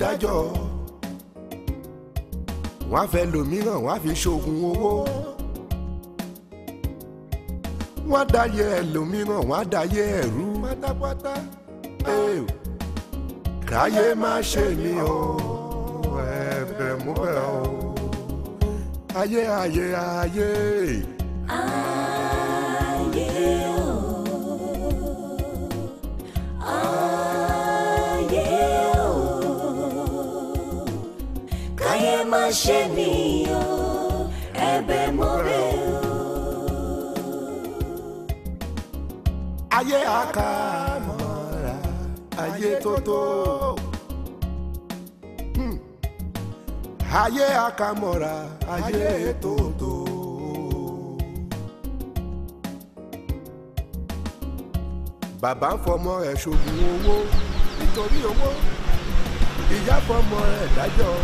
dájọ́ wọ́n á fẹ́ lòmíràn wọ́n á fi ṣoògùn owó wọ́n á dáyé ẹlòmíràn wọ́n á dáyé ẹ̀rú pátápátá káyé má ṣe mí o ẹ̀bẹ̀ mú bẹ̀ o ayé ayé ayé. ayé. ṣe mí o ẹ̀bẹ̀ mo rẹ̀ o. ayé àkàmọ́ra ayé tó tó. Hmm. ayé àkàmọ́ra ayé tó tó. bàbá ń fọmọ ẹ̀ ṣògùn owó nítorí owó ìyá fọmọ ẹ̀ dájọ́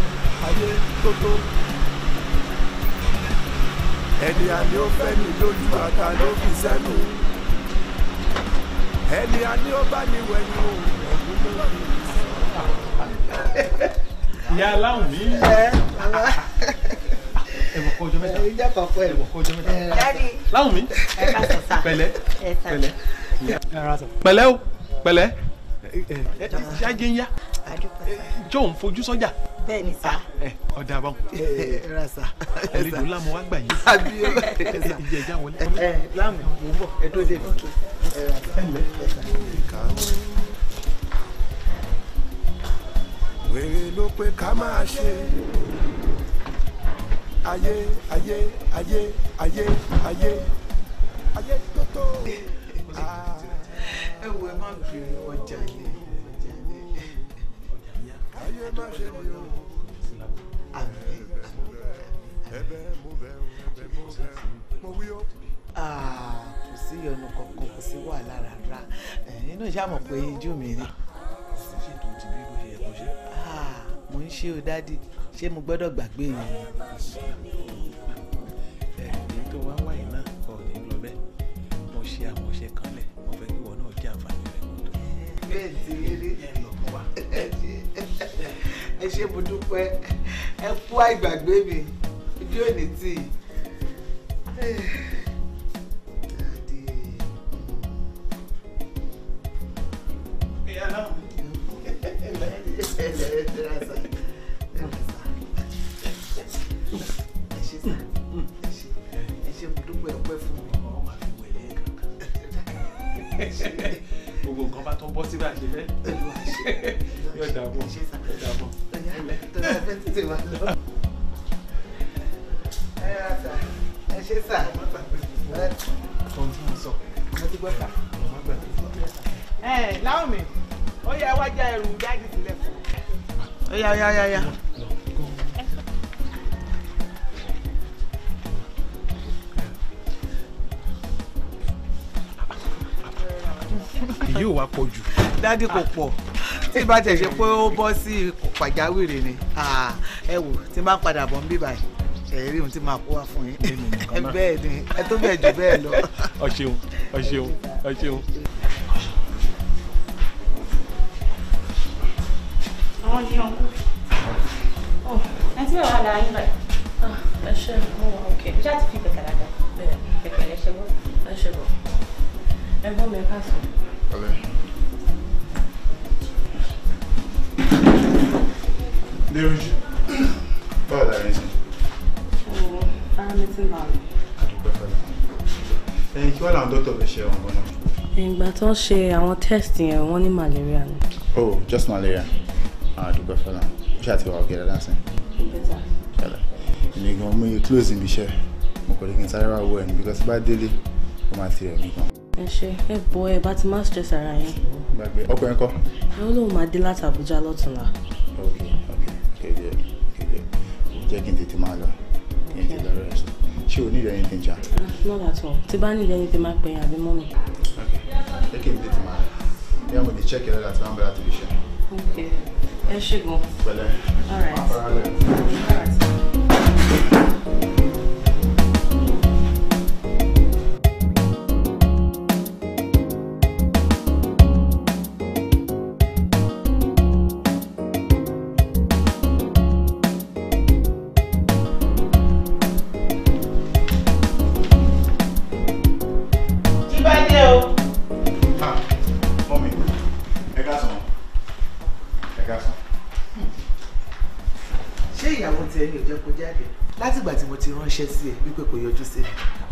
ayé tótó. ẹni àní ó fẹ́ mi lójú àtà ló fi sẹ́nu. ẹni àní ó bá mi wẹ̀ ní òun ọ̀gbìn ló wà ní ìsọ̀rọ̀. ìyá aláwọ̀ mi. ẹ̀wọ̀n kọ́ mẹ́ta. ìjà kọ̀ọ̀kọ́ ẹ̀. ẹ̀wọ̀n kọ́ ọjọ́ mẹ́ta. láwọ̀ mi. pẹ̀lẹ́ pẹ̀lẹ́ pẹ̀lẹ́ o pẹ̀lẹ́ ṣáájú ń yá jọ̀ọ́ ń fojú sọ́jà bẹ́ẹ̀ ni sá. ọ̀dà àbọ̀ ẹ̀rọ sá. àlejò lámù wá gbà yìí. abiola ìjẹ ìjà wọlé. ẹ lámù mò ń ẹ tó dé mi. wèrè ló pé ká máa ṣe ayé ayé ayé ayé ayé ayé tó tó. ẹ wo ẹ má bèrè ọjà yẹn ayé má ṣe mi o. ẹ̀bẹ̀ mo bẹ̀ ẹ̀bẹ̀ mo bẹ̀ mo wí o. kò sí ìyọnu kankan kò sí wàhálà rárá inú ìṣá mọ̀ pé ojú mi ni. ṣé tó ti bí ló ṣe yẹ kó ṣe. mo ń ṣe o dádì ṣé mo gbọ́dọ̀ gbàgbé yẹn. ẹ̀ẹ́dì tó wá wáyé náà ọ̀ ní lọ bẹ́ẹ̀ mo ṣe àmọ̀ṣe kanlẹ̀ mo fẹ́ kí ìwọ náà jẹ́ àǹfààní rẹ̀. bẹ́ẹ̀ ti rí rí ẹ ṣé mo dúpẹ́ ẹ kú àìgbàgbé mi ojú òní tì í. Thank you gbogbo nǹkan bá tán bọ́ sí bá ṣe fẹ́ yóò dààmú yóò dààmú. ẹ ṣe sà ẹ ohun tí mo ti gbọ́ sà ẹ láwọn mi ó yẹ wá já ẹrù jáde sílẹ̀ fún. ó yá ó yá ó yá. èyí ò wá pọ̀ jù. dádì kò pọ̀ tí bá tẹ̀ ṣe pé ó bọ́ sí pàjáwìrì ni ẹ wò tí bá padà bọ̀ ń bí báyìí ẹ rí ohun tí máa kó wá fún yín ẹ bẹ́ẹ̀ ni ẹ tó bẹ́ẹ̀ jù bẹ́ẹ̀ lọ. ọ ṣeun ọ ṣeun ọ ṣeun. àwọn yìí ọkọ oh, ẹ ti wà lára yín báyìí. Ah, ẹ ṣe mo wà òkè. ìjà ti fi bẹ̀kẹ̀ dáadáa bẹ̀rẹ̀ bẹ̀kẹ̀ lẹ́ṣẹ̀ bọ́. ẹ ṣe bọ̀ ẹ̀gbọ́n mi ká sọ. Déwújú, báwo la Oh, sí? Oòrùn, ara mi ti máa lọ. Ẹyin kí wọ́n làwọn dókítà fi ṣe ọ̀hún gan-an. Ìgbà tó ń ṣe àwọn test yẹn, malaria Oh, just malaria. Àdúgbò do Ó ṣàtìwá ọ̀gẹ̀dẹ̀ lásán. Ìgbẹ́ta. Fẹ́lá. Èmi gan-an mú iye close ibi iṣẹ́. Mo kò lè kí n sáré wá wọ ẹni bí kò sí bá délé, ẹ ṣe ẹ bọ ẹ bá ti má stress ara yín. gbàgbé ọkùnrin kọ. ẹ ó lóun máa dé láti Àbújá lọ́túnla. ok ok kéde kéde jẹ́ kí n tètè máa lọ kí n tètè lọ rẹ̀ ṣé o nílò anything jà. not at all tí bá nílò anything máa pè é àbí mọ́ mi. ok jẹ́ kí n tètè máa lọ bí àwọn ìdíjẹ́ kẹlẹ́ láti máa ń bẹ̀rẹ̀ ok ẹ ṣe gan. pẹ̀lẹ́ máa fara lẹ.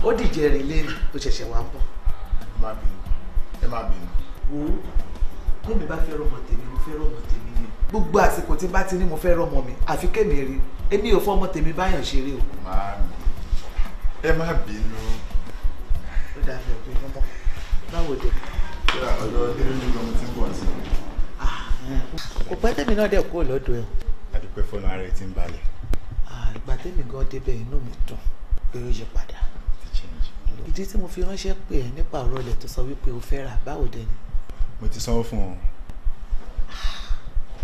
ó dìjẹ́ rìn lẹ́nu ló ṣẹ̀ṣẹ̀ wá ń bọ̀. ẹ má bínú ẹ má bínú. wo tẹ́mi bá fẹ́ rọmọ tèmi mo fẹ́ rọmọ tèmi ni. gbogbo àsìkò tí bá ti ní mo fẹ́ rọmọ mi àfi kémi rí èmi ò fọmọ tèmi báyàn ṣeré o. ẹ má bínú. ó dà bẹ́ẹ̀ pé mọ́mọ́ báwo dé. ọ̀dọ̀ ilé ní ọmọ tí ń bọ̀ sí. Ah, kò pẹ́ tẹ́mi náà dẹ̀ kúrò lọ́dọ̀ ẹ̀. a dúpẹ́ fọ́nà ara ẹ̀ ti ń balẹ̀. Ah, ìgbà tẹ́mi gan débẹ̀ inú mi dùn pé ó yí padà ìdí tí mo fi ránṣẹ́ pè ẹ́ nípa ọ̀rọ̀ ilẹ̀ tó sọ wípé o fẹ́ rà báwo dẹ̀ ni. mo ti sanwó fún ọ.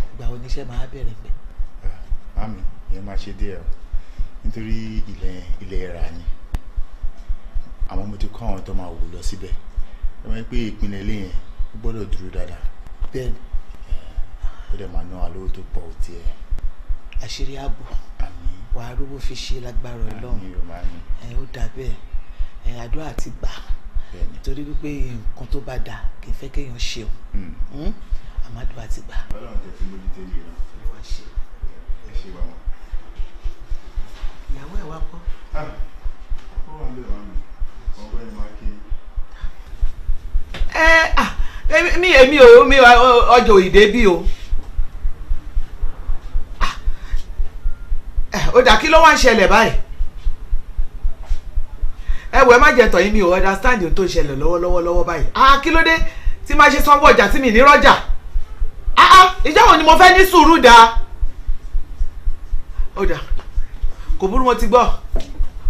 ìgbà wo níṣẹ́ máa bẹ̀rẹ̀ pẹ̀. Ah, mami ìyẹn máa ṣe díẹ̀ o nítorí ilẹ̀ ilẹ̀ rà ni àmọ́ mo ti kọ́ àwọn tó máa wò lọ síbẹ̀ ẹ máa ń pè ìpínlẹ̀ ilé yẹn ó gbọ́dọ̀ dúró dáadáa. bẹ́ẹ̀ni. ó dẹ̀ máa ná alówó tó pọ̀ ó tiẹ̀. àṣírí ààbò wàá rówó fi ṣe lágbára Ọlọ́run ẹ ó dà bẹ́ẹ̀ àdúrà ti gbà nítorí wípé nǹkan tó bá dáa kì í fẹ́ kéèyàn ṣeun hmm. hmm? àmọ́ àdúrà ti gbà. ìyàwó ẹ̀ wá kọ́. Ah, ẹ ẹ mi èmi ò mi ọjọ́ òyìnbó bí o. ó dà kí ló wá ń ṣẹlẹ̀ báyìí ẹ wẹ má jẹ tọyìn mi ò understand ohun tó ṣẹlẹ̀ lọ́wọ́lọ́wọ́ lọ́wọ́ báyìí ah kí ló dé tí máa ṣe sanwó ọjà tí mi ní rọjà ah ah ìjọ wo ni mo fẹ́ ní sùúrù dá ó dà kò burú mo ti gbọ́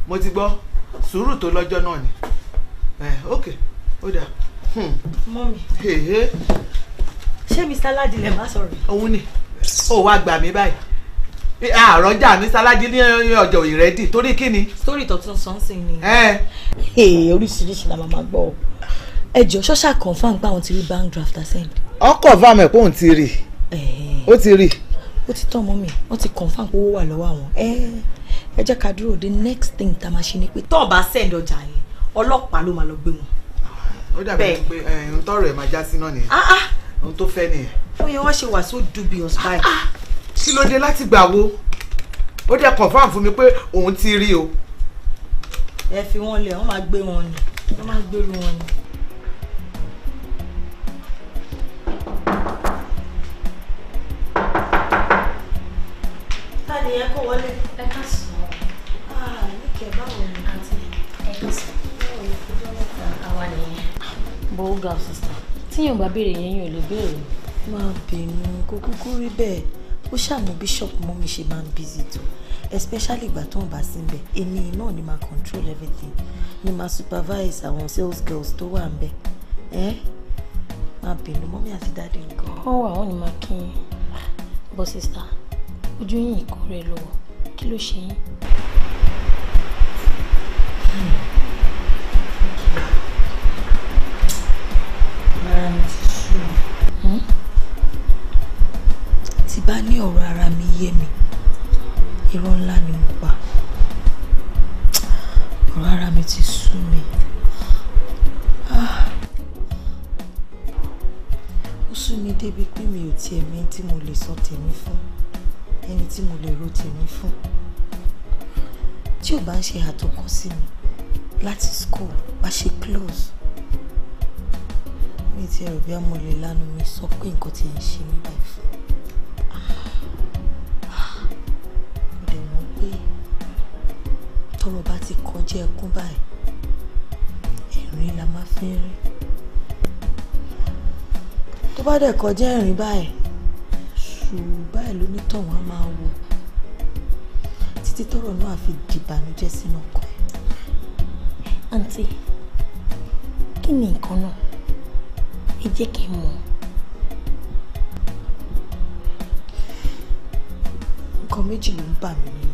mo ti gbọ́ sùúrù tó lọ́jọ́ náà ni ẹ ok ó dà. mọ́mí ṣé mr ládìlẹ̀ má sọ̀rọ̀. òun ni ó wá gbà mí báyìí àrọ́jà ní sálájí ní ọjọ́ ìrẹ́dì torí kí ni. sórí ìtọ́tún sọ́nsìn ni. ee oríṣiríṣi la màmá gbọ́ ọ ẹ jọ ṣọ́ṣà confam pé àwọn ti rí bank drafter send. ọ confam ẹ pé òun ti rí ó ti rí. ó ti tán mọ́ mi wọ́n ti confam pé owó wà lọ́wọ́ àwọn ẹ jẹ́ ká dúró the next thing tá a máa ṣe ni pé. tó send ọjà yẹn ọlọ́pàá ló máa lọ gbé wọn. ó dàbí pé ohun tọrọ ẹ máa já sí náà nìyẹn ah, ah. ohun tó fẹ́ nìyẹn. ó yẹ wá ṣe wàásù dubious báyìí. Ah, kí ló dé láti gbà wo ó dẹ̀ confam fún mi pé òun ti rí o. ẹ fi wọn lẹ wọn máa gbé wọn ni wọn máa gbèrú wọn ni. ta ẹ kó wọlé. ẹ ká sùn. ah níkẹ́ báwo ni àǹtí ẹ ká sùn. báwo ni kó jọ́ mẹ́ta àwa nìyẹn. bó ga sista tíyàn bá béèrè yẹn yóò lè béèrè. má bínú kó kúkú rí bẹ́ẹ̀ ó ṣàmì bíṣọ̀pù mọ́ mi ṣe máa ń bízì tó especially ìgbà tó ń bá sí nbẹ èmi náà ni máa control everything ni máa supervise àwọn sales girls tó wà nbẹ ẹ máa bínú mọ́mí àti dáadé nǹkan. ó wà wọ́n ní máa kí n bọ́ sísá ojú yín ìkọ́ rẹ̀ lọ́wọ́ kí ló ṣe yín. Mara hmm. mi ti tí bá ní ọ̀rọ̀ ara mi yé mi irọ́ ńlá ni mo pa ọ̀rọ̀ ara mi ti sú mi ah. ó sú mi débi pé mi ò tiẹ̀ mí tí mo lè sọ tèmi fún ẹni tí mo lè ro tèmi fún tí ò bá ń ṣe àtọkọ sí mi láti school bá ṣe close mi ti ẹ̀rọ bí a mo lè lánàá mi sọ pé nǹkan ti ń ṣe mí báyìí fún. pé tọ́rọ̀ bá ti kọjá ẹkún báyìí ẹ̀rín la máa fi ń rí tó bá dẹ̀ kọjá ẹ̀rín báyìí ṣùgbọ́n báyìí lónítọ̀hún á máa wò títí tọ́rọ̀ náà fi dìbànújẹ́ sínú ọkàn ẹ̀. àǹtí kí ni nǹkan náà ẹ jẹ́ kí n mọ̀. nǹkan méjì ló ń bà mí nínú.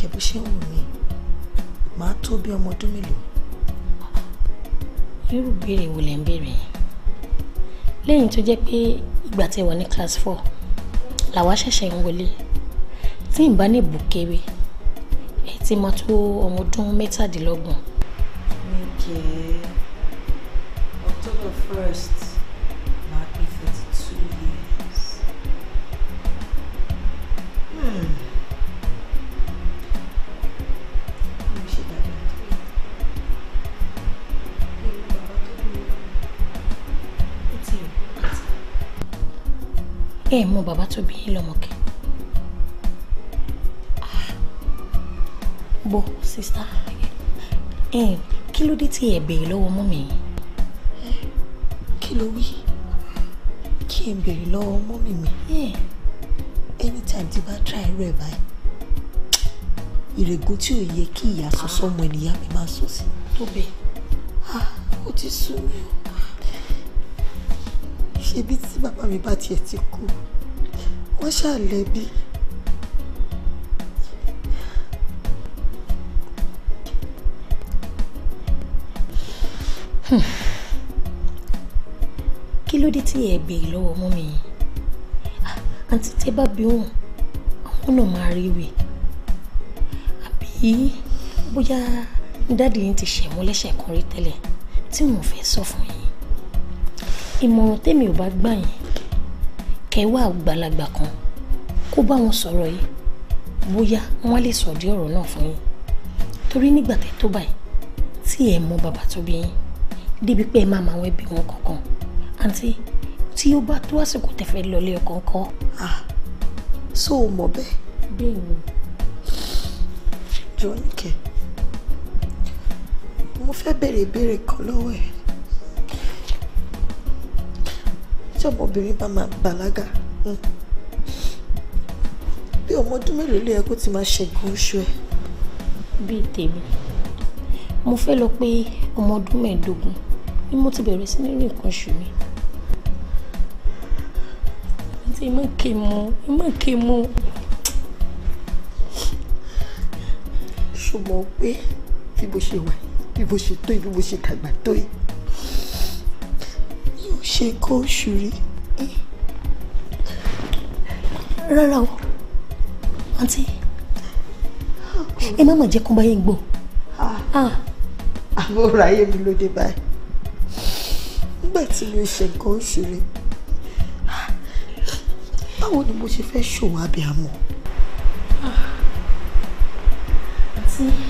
kẹ̀kẹ́ bó ṣe ń wù mí màá tó bí ọmọ ọdún mélòó. irú béèrè wo lẹ ń béèrè lẹ́yìn tó jẹ́ pé ìgbà tẹ́ wà ní class four làwa ṣẹ̀ṣẹ̀ ń wọlé tí n bá ní bùkéré ẹ ti máa tó ọmọ ọdún mẹ́tàdínlọ́gbọ̀n. mi kì í October first. ẹ mọ bàbá tó bí yín lọ́mọ kẹ́ gbọ́ ah, sista kí ló dé tí ẹ béèrè lọ́wọ́ mọ́ mi kí ló wí kí n béèrè lọ́wọ́ mọ́ mi mi anytime tí ba try irú ẹ̀ báyìí ìrègùn tí ò yẹ kí ìyá sọ sọ́mọ ènìyàn mi máa sọ sí. tó bẹ́ẹ̀ ah, ó ti sú mi o ṣebí tí bàbá mi bá tiẹ̀ ti kú wọ́n ṣàlẹ́bí. Hmm. kí ló dé tí ẹ béèrè lọ́wọ́ mú mi yìí àǹtí tẹ́ bá bí wọn àwọn náà máa rí wè àbí bóyá dáàdì yín ti ṣẹ̀wọ́n lẹ́sẹ̀ kan rí tẹ́lẹ̀ tí wọn fẹ́ sọ fún yín ìmọ̀ràn tèmi ò bá gbà yín kẹwàá àgbàlagbà kan kó bá wọn sọ̀rọ̀ yìí bóyá wọn lè sọ̀dí ọ̀rọ̀ náà fún yín torí nígbà tẹ́ tó báyìí tí ẹ mọ bàbá tó bí yín débi pé ẹ máa máa wọn ẹbí wọn kankan àǹtí tí ó bá tó àsìkò tẹ́ lọlé ọkọ ńkọ́. ah so o mọ bẹ́ẹ̀. bẹ́ẹ̀ ni. jọ nìkẹ́ mo fẹ́ béèrè ìbéèrè kan lọ́wọ́ ẹ̀. tí ọmọbìnrin bá máa bàlágà hmm, bí ọmọ ọdún mélòó ló yẹ kó ti máa ṣẹ̀gùn oṣù ẹ̀. bíi tèmi mo fẹ́ lọ pé ọmọ ọdún mẹ́ẹ̀ẹ́dógún ni mo ti bẹ̀rẹ̀ sí ní rí nǹkan oṣù mi. àti ìmọ̀ kè mọ́ ìmọ̀ kè mọ́. ṣùgbọ́n pé bí bó ṣe wà bí bó ṣe tó bí bó ṣe dàgbà tó yìí ṣe nǹkan oṣù rí rárá o àǹtí ẹ má mà jẹ́ kó bá yẹn gbọ́. Ah. Ah. àwọn ọ̀rọ̀ ayé mi ló dé báyìí nígbà tí mi ò ṣe nǹkan oṣù rí báwo ni mo ṣe fẹ́ ṣòwò abẹ́ àmọ́. Ah. àǹtí.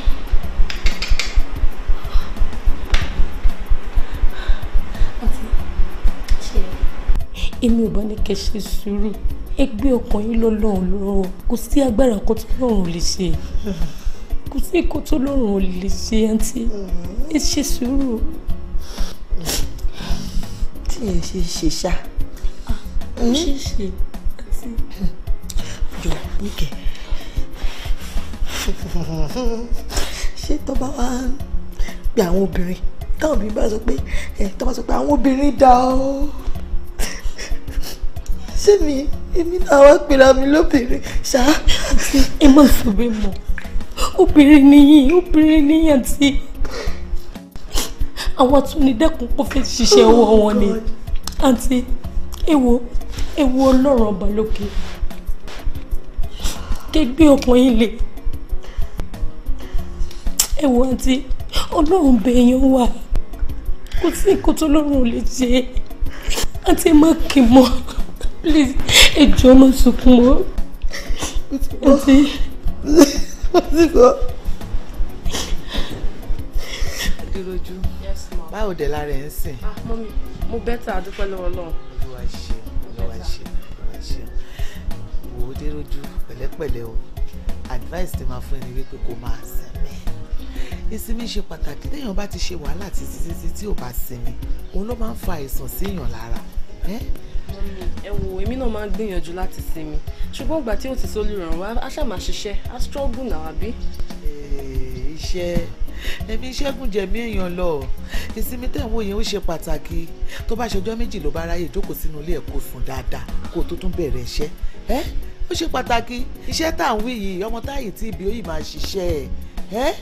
èmi ò bá ní kẹ́ ṣe sùúrù ẹ gbé ọkàn yín lọ́lọ́run lọ́wọ́ kò sí agbára kan tó lọ́run ò lè ṣe kò sí nǹkan tó lọ́run ò lè ṣe àǹtí ẹ ṣe sùúrù. tí ẹ ṣe ṣe ṣá. Ah, hmm? ṣe ṣe àti. jọ níkẹ ṣé tó bá wá pe àwọn obìnrin táwọn obìnrin bá sọ pé àwọn obìnrin dá o sẹ́mi èmi náà wá pera mi lóbìnrin ṣá. ẹ má sọ bẹ́ẹ̀ mọ́ obìnrin nìyí obìnrin nìyí àti àwọn atúnidẹ́kun kò fẹ́ ṣiṣẹ́ ọwọ́ oh, wọn ni àǹtí èwo èwo ọlọ́run ọba lókè kẹgbẹ́ ọkùnrin lè èwo àǹtí ọlọ́run bẹ̀yàn wà kò sí nǹkan tó lọ́rùn ò lè jẹ́ àǹtí ẹ má kì í mọ́ please a drama sunkún mọ́ àti. adúrójú báwo dé lára ẹ̀ ń sìn. Ah, mo bẹ́tà àdúpẹ́ lọ́wọ́ Ọlọ́run. olúwa ṣe olúwa ṣe olúwa ṣe wò ó dé lójú pẹ̀lẹ́pẹ̀lẹ́ o advice ti máa fún ẹni wípé kó máa sinmi ìsinmi ṣe pàtàkì téèyàn bá ti ṣe wàhálà títí títí tí ò bá sinmi òun ló máa ń fa Eh? ẹ wo èmi náà máa ń gbìyànjú láti sinmi ṣùgbọ́n ìgbà tí ó ti sólú ràn wá a ṣáà máa ṣiṣẹ́ a struggle náà àbí. iṣẹ́ ẹ̀mí iṣẹ́ gùn jẹ̀mí èèyàn lọ ìsinmi tẹ̀wọ́ yẹn ó ṣe pàtàkì tó bá ṣọjọ́ méjì ló bá ráyè jókòó sínú ilé ẹ̀ kó sùn dáadáa kó tó tún bẹ̀rẹ̀ iṣẹ́ ẹ́ ó ṣe pàtàkì iṣẹ́ tá à ń wí yìí ọmọ táyì tí ibi ó máa ṣiṣẹ́ ẹ̀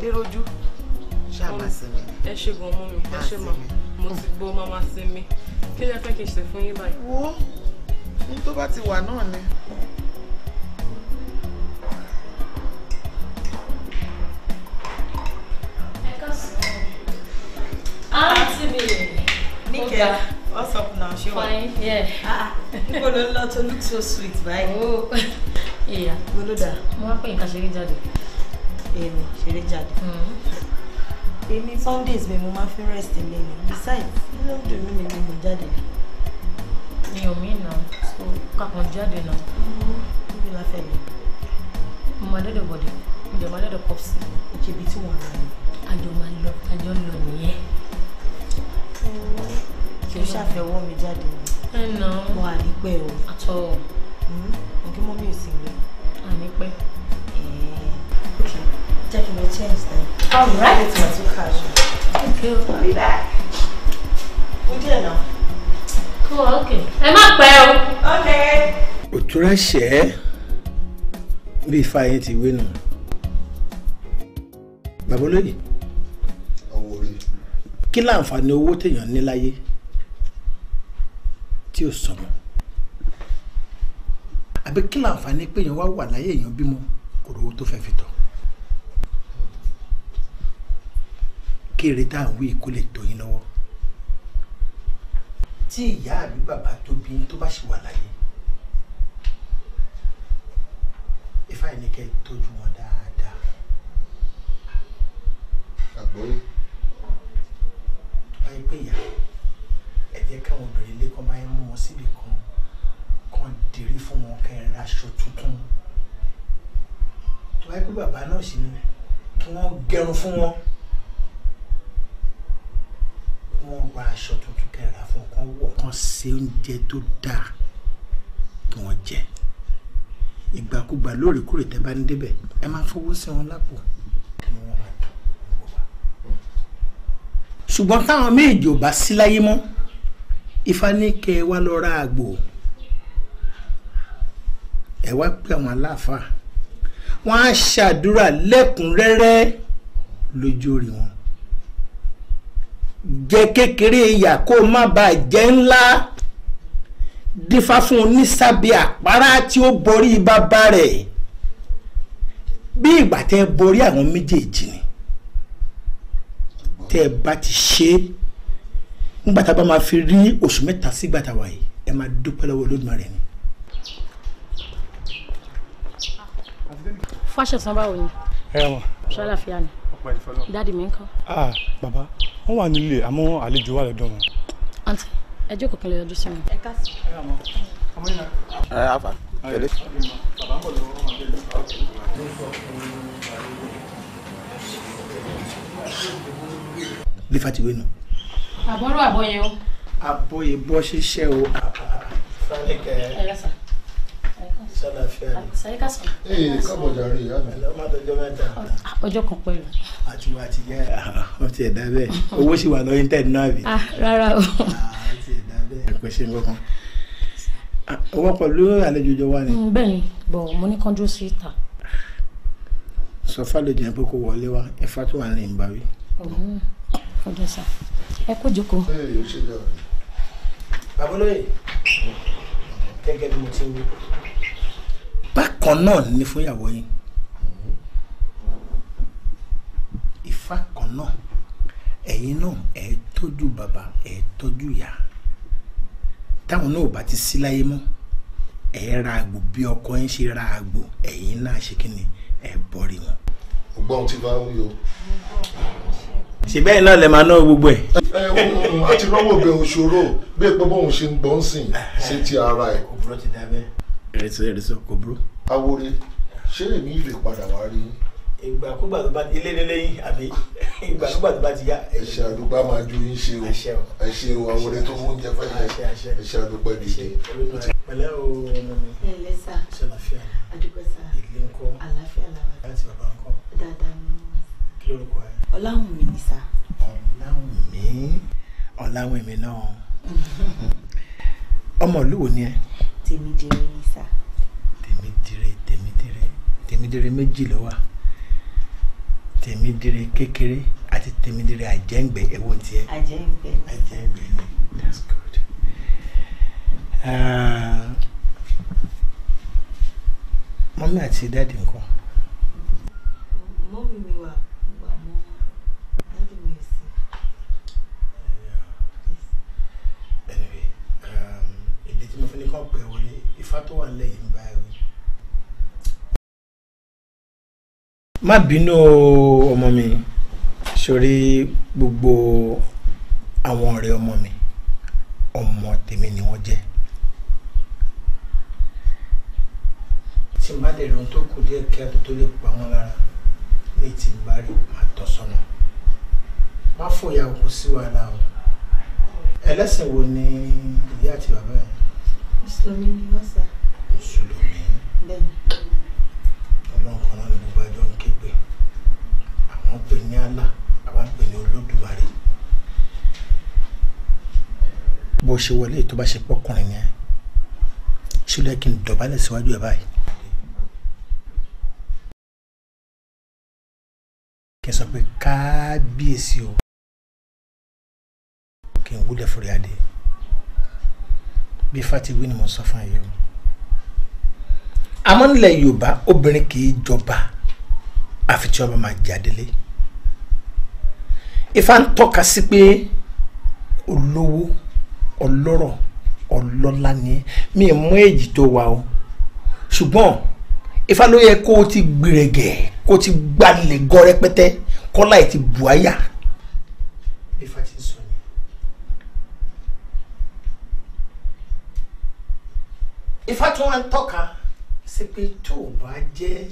dérójú ṣáà máa sinmi. ẹ ṣe gan mọ́ mi ẹ ṣe máa mo ti gbọ́ mama sí kí lẹ fẹ́ kí n ṣe fún yín báyìí. wo ní tó bá ti wà náà ni. Nika, what's up now? She Fine, won. yeah. Ah, people don't to look so sweet, right? Oh, yeah. Boloda. Mo wá pé nǹkan ṣeré jáde. Èmi ṣeré jáde. Mm-hmm èmi sundays mi mo máa fi rest mi ni besides nínú ìdùn mi mi mo jáde. mi ò mí nà so kàkàn jáde nà. Mm-hmm. níbi la fẹ́ mi. mo máa dọ́dọ̀ bọ̀dẹ̀ mo dẹ̀ máa dọ́dọ̀ pọ̀ sí i. ìjẹ̀bi tí wọ́n rà ní. àjọ máa lọ àjọ lọ nìyẹn. Mm-hmm. kí o ṣàfẹ́wọ́ mi jáde. ẹ nà. wà á ní pẹ́ o. àtọ̀. nǹkan mọ́ mi ò sí rẹ̀. àní pẹ́. ẹ̀ẹ́. Jẹ́ kí change them. All right. It's my two cash. Thank you. I'll be back. Ó díẹ̀ náà. Cool, okay. I'm má well. Okay. Òtúrá ṣẹ́ bí ifá yín ti wé nù. Bàbá olóyè. Ọwọ́ orí. Kí láǹfààní owó téèyàn ní láyé tí ò sọ̀mọ́? Àbí kí láǹfààní pé èèyàn wá wà láyé èèyàn bímọ kò kékeré tá à ń wí kó lè tó yín lọ́wọ́ tí ìyá àbí bàbá tó bí tó bá ṣì wà láyé ifá yìí ní kẹ́ ẹ tọ́jú wọn dáadáa. àgbọ̀yé. tó bá yẹ pé ìyá ẹ jẹ́ káwọn obìnrin ilé kan bá yẹ mú wọn síbi kan kan dèrí fún wọn kẹ́ ẹ raṣọ tuntun tó bá yẹ pé bàbá náà sì ni kí wọ́n gẹrun fún wọn wọ́n ra aṣọ tuntun kẹ́ra fún ọkàn wọ̀ kan ṣe oúnjẹ tó dáa kí wọ́n jẹ ìgbàkúgbà lóòrèkóòrè tẹ́ bá ń débẹ̀ ẹ máa fowó sí wọn lápò kí wọ́n máa dùn ún wá. ṣùgbọ́n táwọn méjì ò bá sí láyé mọ́ ifá ní kẹ́ ẹ wá lọ ra àgbò ẹ wá pé àwọn aláàfáà wọ́n á ṣàdúrà lẹ́kùnrẹ́rẹ́ lójú orí wọn jẹ kékeré ìyà kó má bàa jẹ ńlá dífá fún onísàbí àpárá tí ó borí bàbá rẹ̀ bí ìgbà tẹ borí àwọn méjèèjì ni tẹ bá ti ṣe é nígbà tá a bá máa fi rí oṣù mẹ́ta sígbà tá a wà yìí ẹ máa dúpẹ́ lọ́wọ́ Olódùmarè ni. fáṣọ sanbáwo ni. ẹ wọ. ṣọlá fìyà ni dáàdì mi ń kọ́. ah bàbá wọn wà nílé àmọ́ àlejò wà lọ́dọ̀ wọn. àǹtí ẹ jókòó kí n lè yọjú sí mi. ẹ ká sí. ẹ àmọ́ ọmọ yìí náà. ẹ àfà tẹ̀lé. bàbá ń bọ̀ lọ́wọ́ ọmọ ilé ìlú. bí fatiwe nù. àbọ̀rọ̀ àbọ̀yẹ o. àbọ̀yẹ bọ́ ṣiṣẹ́ o. ẹ yẹ sà sálàáfíà ni. sàyíkàsán. ee kábọ̀ jàre ìyá mi. ọlọ́mọdéjọ́ mẹ́ta. Ah, ọjọ́ kan pẹ̀lú. àtiwọ́ àti jẹ́ ah, ọ ti ẹ̀dá bẹ́ẹ̀ owó sì wà lórí tẹ̀ náà bí. Ah, rárá o. ọ ti ẹ̀dá bẹ́ẹ̀ ẹ̀pẹ́ ṣe nǹkan. owó pẹ̀lú àlejò jọ wà ní. bẹ́ẹ̀ ni mm, bọ̀ mo ní kánjú sí ìta. sọ fàlejò yẹn pé kó wọlé wa ẹ̀fà tó wà ní ìbáwí. ọdún sá ẹ kó jókòó. bẹ́ẹ̀ ni ó ṣe mo ti ń wí bákan náà ni fún ìyàwó yín ifá kan náà ẹ̀yin náà ẹ̀ tọ́jú bàbá ẹ̀ tọ́jú ìyá táwọn náà ò bá ti sí láyé mọ́ ẹ̀ ra àgbò bí ọkọ yín ṣe ra àgbò ẹ̀yin náà ṣe kí ni ẹ̀ bọ́rí wọn. ọgbọ́n ti bá wí o. ṣe bẹ́ẹ̀ náà lè máa ná gbogbo ẹ̀. ẹ ohun àti rọ́wọ́ bẹ òṣòro bí epo bóun ṣe ń gbọ́n sìn ṣe ti ara ẹ̀ ẹ sọ ẹ sọ kò burú. Awore ṣé èmi lè padà wá rí. ìgbàkúgbà tó bá ti ilé nílé yín àbí ìgbàkúgbà tó bá ti yá. ẹ ṣe àdúgbò máa ju yín ṣe o ẹ ṣe o Awore tó mú oúnjẹ fẹlẹ ẹ ṣe àdúgbò dìde. pẹ̀lẹ́ o ọmọ mi. ẹ lẹsà ṣàlàfíà àdúgbò sà ìdílé ńkọ́ àlàáfíà làwọn. láti bàbá ńkọ́. dáadáa ni wọn wá sí. kí lórúkọ ẹ. Ọláwùnmí ni sà. Ọláwùnmí Ọláwùnmí náà ọmọ ìlú wo ni ẹ tèmídéré yìí sá. tèmídéré tèmídéré tèmídéré méjì ló wà tèmídéré kékeré àti tèmídéré àjẹ́ǹgbẹ ẹ̀wọ̀ tiẹ̀. àjẹ́ǹgbẹ ni àjẹ́ǹgbẹ ni that's good. Uh, mọ́mí àti dáàdì nǹkan. mọ́mí mi wà. tí mo fi ní kàn pé wọlé ifá tó wà nílẹ̀ yìí ń bá ẹ wí. má bínú ọmọ mi sórí gbogbo àwọn ọ̀rẹ́ ọmọ mi ọmọ tèmi ni wọ́n jẹ́. tí n bá lè ron tó kù díẹ̀ kí àtúntò lè pa wọ́n lára ní ti bá rí màá tọ́ sọ́nà má fòyà kò sí wàhálà o ẹlẹ́sìn wo ni ìyá àti bàbá yẹn mùsùlùmí ni wọ́n sà. mùsùlùmí bẹ́ẹ̀ ọlọ́run kan náà ni gbogbo àjọ ń ké pé àwọn pè ní Allah àwọn pè ní olódùmarè. bó ṣe wọlé tó bá ṣe pọkùnrin yẹn ṣílẹ̀ kí n dọ̀bálẹ̀ síwájú ẹ̀ báyìí. kí n sọ pé káábíyèsí o kí n wúlẹ̀ fúri adé bí fatiwi ni mo sọ fún yìí o àmọ́ nílẹ̀ yorùbá obìnrin kì í jọba àfi tí ọba máa jáde-lé ifá ń tọ́ka sí pé olówó ọlọ́rọ̀ ọlọ́lá ni mi mú èjì tó wà o ṣùgbọ́n ifá ló yẹ kó o ti gbìrẹ̀gẹ̀ kó o ti gbalẹ̀ gọ́ rẹpẹtẹ kọ́lá ẹ̀ ti bù áyà. ifá tí wọ́n ń tọ́ka ah, sí pé tó o bá jẹ́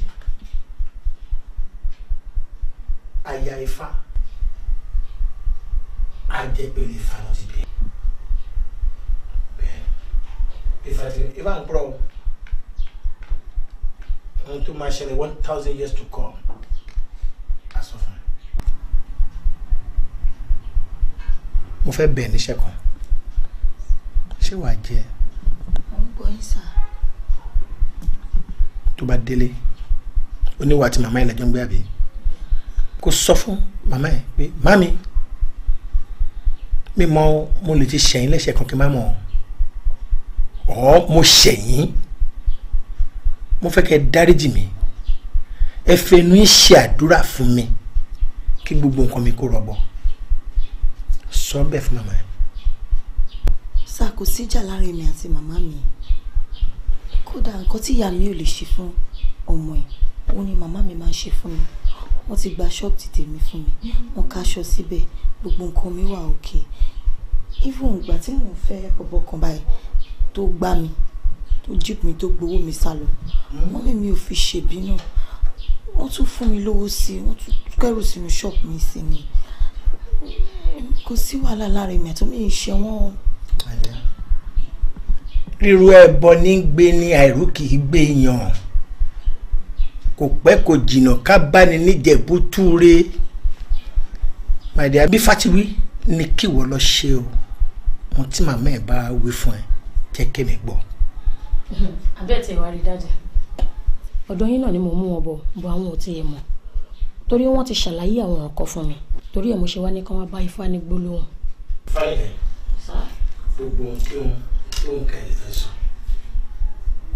aya ifá á jẹ́ pé ifá lọ sí bẹ́ẹ̀ bẹ́ẹ̀ ifá ti ifá ń pọ̀ ohun tó máa ṣẹlẹ̀ one thousand years to come asọ̀fún. mo fẹ́ bẹ̀ níṣẹ́ kan ṣé wàá jẹ́ ẹ yín sà. tó bá délé oníwà àti màmá ẹ̀ lẹ́jọ́ ń gbé àbí kó sọ fún màmá ẹ̀ pé mami mi mọ mo lè ti ṣẹ̀yìn lẹ́sẹ̀ kan kí n má mọ̀ ọ́ mo ṣẹ̀yìn mo fẹ́ kẹ́ ẹ dáríjì mi ẹ fẹnu yín ṣe àdúrà fún mi kí gbogbo nǹkan mi kó rọgbọ sọ bẹ́ẹ̀ fún màmá ẹ̀. sà kò síjà láàrin mi àti màmá mi kódà nǹkan tí ìyá mi ò lè ṣe fún ọmọ ẹ̀ òun ni màmá mi máa ń ṣe fún mi wọ́n ti gba ṣọ́ọ̀bù ti tèmi fún mi wọ́n káṣọ síbẹ̀ gbogbo nǹkan mi wà òkè even ìgbà tí mò ń fẹ́ bọ̀bọ̀ kan báyìí tó gbá mi tó jíp mi tó gbowó mi sá lọ wọ́n lè mi ò fi ṣèbí náà wọ́n tún fún mi lówó sí i wọ́n tún kẹ́rù sínú ṣọ́ọ̀bù mi sí ni kò sí wàhálà láàrin mi àti mi ì ṣe wọ́n ríru ẹbọ ní gbé ní àìrú kì í gbé yàn kò pẹ́ kò jìnnà ká báni níjẹ̀bú túre màdì àbí fatiwi ni kíwọ lọ ṣe o ohun tí màmá ẹ bá wí fún ẹ jẹ́ kémi gbọ́. abẹ́ẹ̀ tí ìwà rí dájà ọ̀dọ̀ yín náà ni mo mú wọn bọ̀ bọ̀ àwọn ò tiẹ̀ mọ̀ torí wọ́n ti ṣàlàyé àwọn ọ̀kọ́ fún mi torí ẹ̀ mo ṣe wá ní kí wọ́n bá ifá ní gbólóhùn. fáìlì gbogbo ohun tí wọn ohun kẹlẹ fẹ́ sọ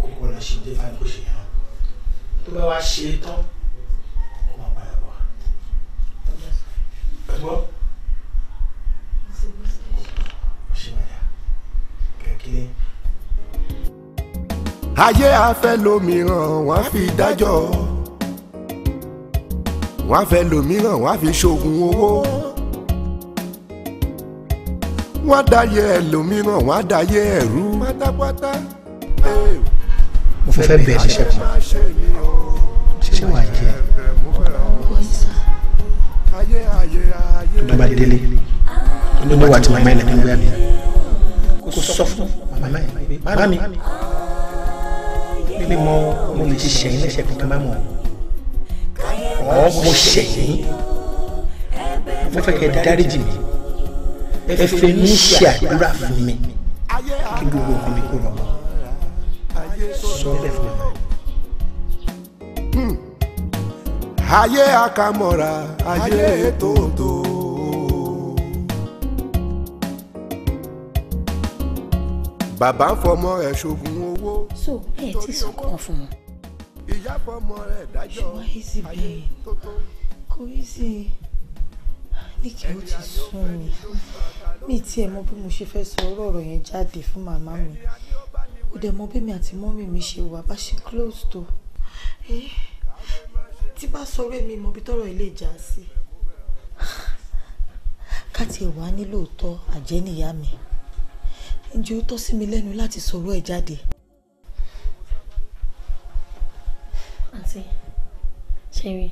kókó lọ ṣe dé fáwọn kò yẹn tó bá wá ṣe é tán kó má padà bọ̀ ẹ gbọ́ ṣe wáyà kẹkẹrẹ. ayé afẹ́ lómìíràn wọ́n fi dájọ́ wọ́n afẹ́ lómìíràn wọ́n fi ṣoògùn owó wọ́n á dayé ẹlòmíràn wọ́n á dayé ẹ̀rú. pátápátá. mo fẹ́ bẹ̀rẹ̀ ṣiṣẹ́ kan ṣiṣẹ́ wà jẹ́ tó bá délé ló ah. ló wà tí màmá ẹ̀ lẹ́gbẹ̀ẹ́ gbé mi kò sọ fún màmá ẹ̀ má mi ah. mímọ mo lè ti ṣẹ̀yìn lẹ́sẹ̀ kankan má mọ̀ ọ́ mo ṣẹ̀yìn mo fẹ́ kẹ́ dáríjì mi ẹ fẹ́ mi ṣe àdúrà fún mi kí gbogbo nǹkan mi kó rọ̀mọ́ sọ bẹ́ẹ̀ fún mi. Hmm. ayé àkàmọ́ra ayé tòótọ́. bàbá fọmọ ẹ̀ ṣoògùn owó. so ẹ ti sọkàn fún wọn. ìyá fọmọ ẹ̀ dájọ́ ayé tòótọ́. kò í sí i ní kí o ti sún mi mi tiẹ̀ mọ bí mo ṣe fẹ́ sọ ọ̀rọ̀ ọ̀rọ̀ yẹn jáde fún màmá mi ó dẹ̀ mọ bí mi àti mọ́mì mi ṣe wà bá ṣe close tó tí bá sọ̀rọ̀ èmi mọ bí tọ́rọ̀ ilé ìjà sí. ká tiẹ̀ wá ní lóòótọ́ àjẹ́ nìyá mi ǹjẹ́ ó tọ́ sí mi lẹ́nu láti sọ̀rọ̀ ẹ̀ jáde. àǹtí ṣẹ́rí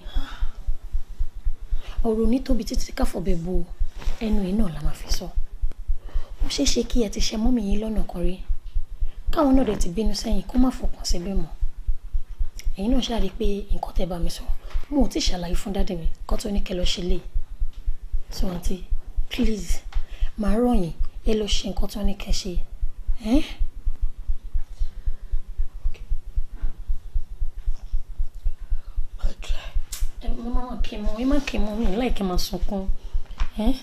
ọ̀rọ̀ onítòbi títí káfọ́ bẹ̀ bo ẹnu yìí náà la máa fi sọ. So ṣeé ṣe kí ẹ ti ṣe mọ́mì yín lọ́nà kan rí káwọn náà dẹ̀ ti bínú sẹ́yìn kó má fọkàn sí bímọ ẹ̀yin náà ṣáà rí i pé nǹkan tẹ́ bá mi sọ mo ò tí ì ṣàlàyé fún dáàdì mi kó tó ní kẹ́ lọ ṣe lé so àǹtí please màá rọ̀ yín ẹ lọ ṣe nǹkan tó ní kẹ́ ṣe ẹ́. mo máa kí mo ẹ má kí mo mi láì kí n máa sunkún. Eh?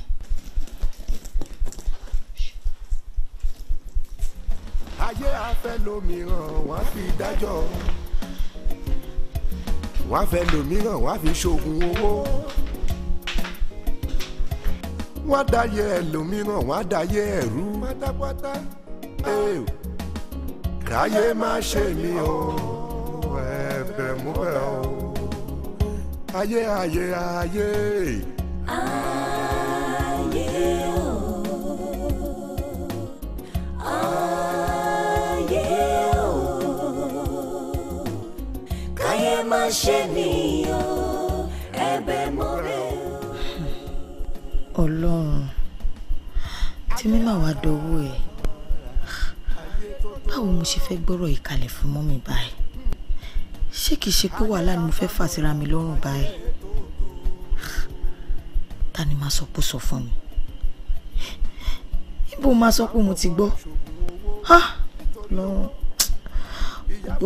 ayé afẹ́ lómìíràn wọ́n á fi dájọ́ wọ́n á fẹ́ lómìíràn wọ́n á fi ṣoògùn owó wọ́n á dáyé ẹlòmíràn wọ́n á dáyé ẹ̀rú pátápátá káyé má ṣe mí o ẹ̀bẹ̀ mú bẹ̀ o ayé ayé ayé. ayé o. má ṣe nìyó ẹ̀bẹ̀ mọ́rẹ́ o. ọlọ́run tí mi máa wá dọwọ́ ẹ̀ báwo mo ṣe fẹ́ gbọ́rọ̀ ìkàlẹ̀ fún mọ́mì báyìí ṣé kìí ṣe pé wàhálà ni mo fẹ́ fà síra mi lọ́rùn báyìí ta ni máa sọ pé sọ fún mi ibo máa sọ pé mo ti gbọ́ ha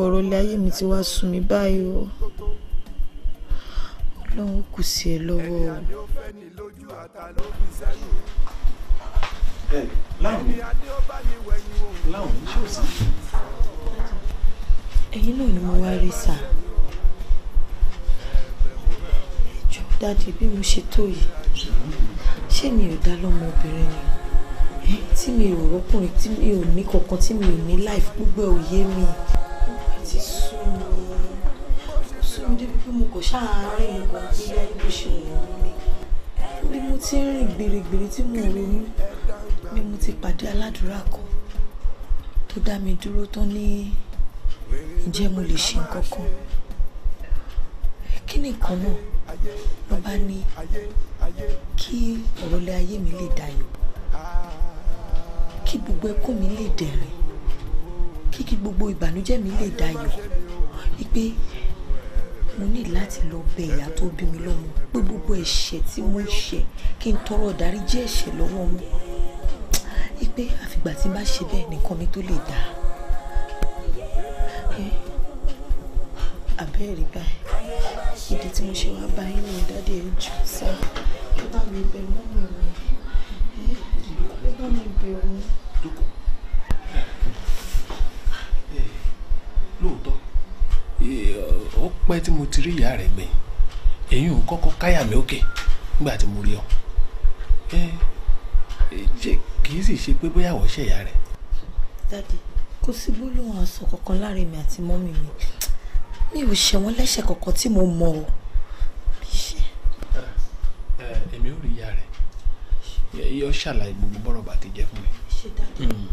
ọ̀rọ̀ ilé ayé mi ti wá sùn mí báyìí o ọlọ́run kù sí ẹ lọ́wọ́ o. láwọn náà ni mo wá rí sá ìjọ dáàdi bí mo ṣe tó yìí ṣé mi ò dá lọ́mọbìnrin ni tí mi ò rọ́kùnrin tí mi ò ní kankan tí mi ò ní láìfún gbogbo òye mi ti sú mi sú mi débi pé mo kò ṣàárín mo kò gbé yá ibi ṣe wọ̀n mi bí mo ti ń rìn gbèrègbèrè tí mo ronú bí mo ti pàdé aládùúrà kan tó dá mi dúró tán ní ǹjẹ́ mo lè ṣe nǹkan kan kí nìkan náà ló bá ní kí ọ̀rọ̀lẹ́ ayé mi lè dayọ̀ kí gbogbo ẹkún mi lè dẹ̀rìn kíkí gbogbo ìbànújẹ́ mi lè dayọ̀ wípé mo ní láti lọ bẹ ìyá tó bí mi lọ́mọ pé gbogbo ẹ̀ṣẹ̀ tí mo ṣẹ̀ kí n tọrọ ìdáríjì ẹ̀ṣẹ̀ lọ́wọ́ wọn wípé àfìgbà tí n bá ṣe bẹ́ẹ̀ nìkan mi tó lè dà abẹ́rẹ́ báyìí ìdí tí mo ṣe wá báyìí ní ìdádé ẹ̀ jù sá bá mi bẹ mọ́mọ́ mi ẹ bá mi bẹ òun. pẹ́ tí mo ti rí ìyá rẹ̀ gbẹ̀yìn èyí ò kọ́kọ́ káyà mi òkè nígbà tí mo rí ọ ẹ ṣe kì í sì ṣe pé bóyá àwọn ṣe ìyá rẹ̀. dadi kò sí gbólóhùn aṣọ kankan láàrin mi àti mọ́mì mi mi ò ṣe wọ́n lẹ́sẹ̀ kankan tí mo mọ̀ ọ́ èmi ò rí ìyá rẹ̀ yọ ṣàlàyé gbogbo bọ́rọ̀ bá ti jẹ́ fún mi hmm.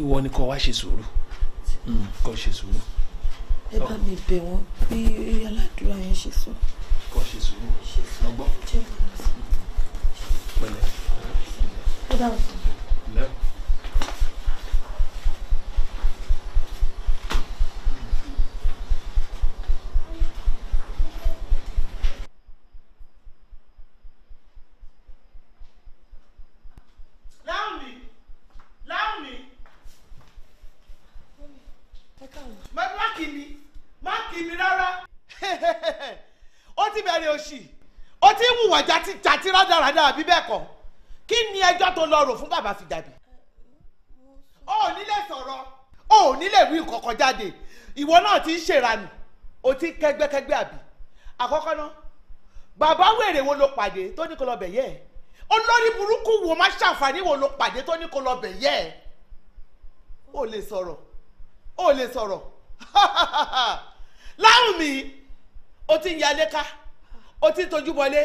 ìwọ ni kò wá ṣe sùúrù hmm, kò ṣe sùúrù ẹ bá mi bẹ̀ wọ́n bí aládùúrà yẹn ṣe sọ. kọ́ ṣe sùúrù lọ́gbọ́n pẹ̀lẹ́. lọ rò fún bàbá Fìjàbí o ò nílé sọ̀rọ̀ o ò nílé wí nǹkankan jáde ìwọ náà ti ń ṣèrànù o ti kẹgbẹ́kẹgbẹ́ àbí àkọ́kọ́ náà bàbá wèrè wo ló pàdé tó ní kó lọ bẹ̀ yẹ́ ẹ̀ olórí burúkú wo má ṣàǹfààní wo ló pàdé tó ní kó lọ bẹ̀ yẹ́ ẹ̀ o lè sọ̀rọ̀ o lè sọ̀rọ̀ Láwùmí o ti ń yalé ká o ti ń tojúbọlé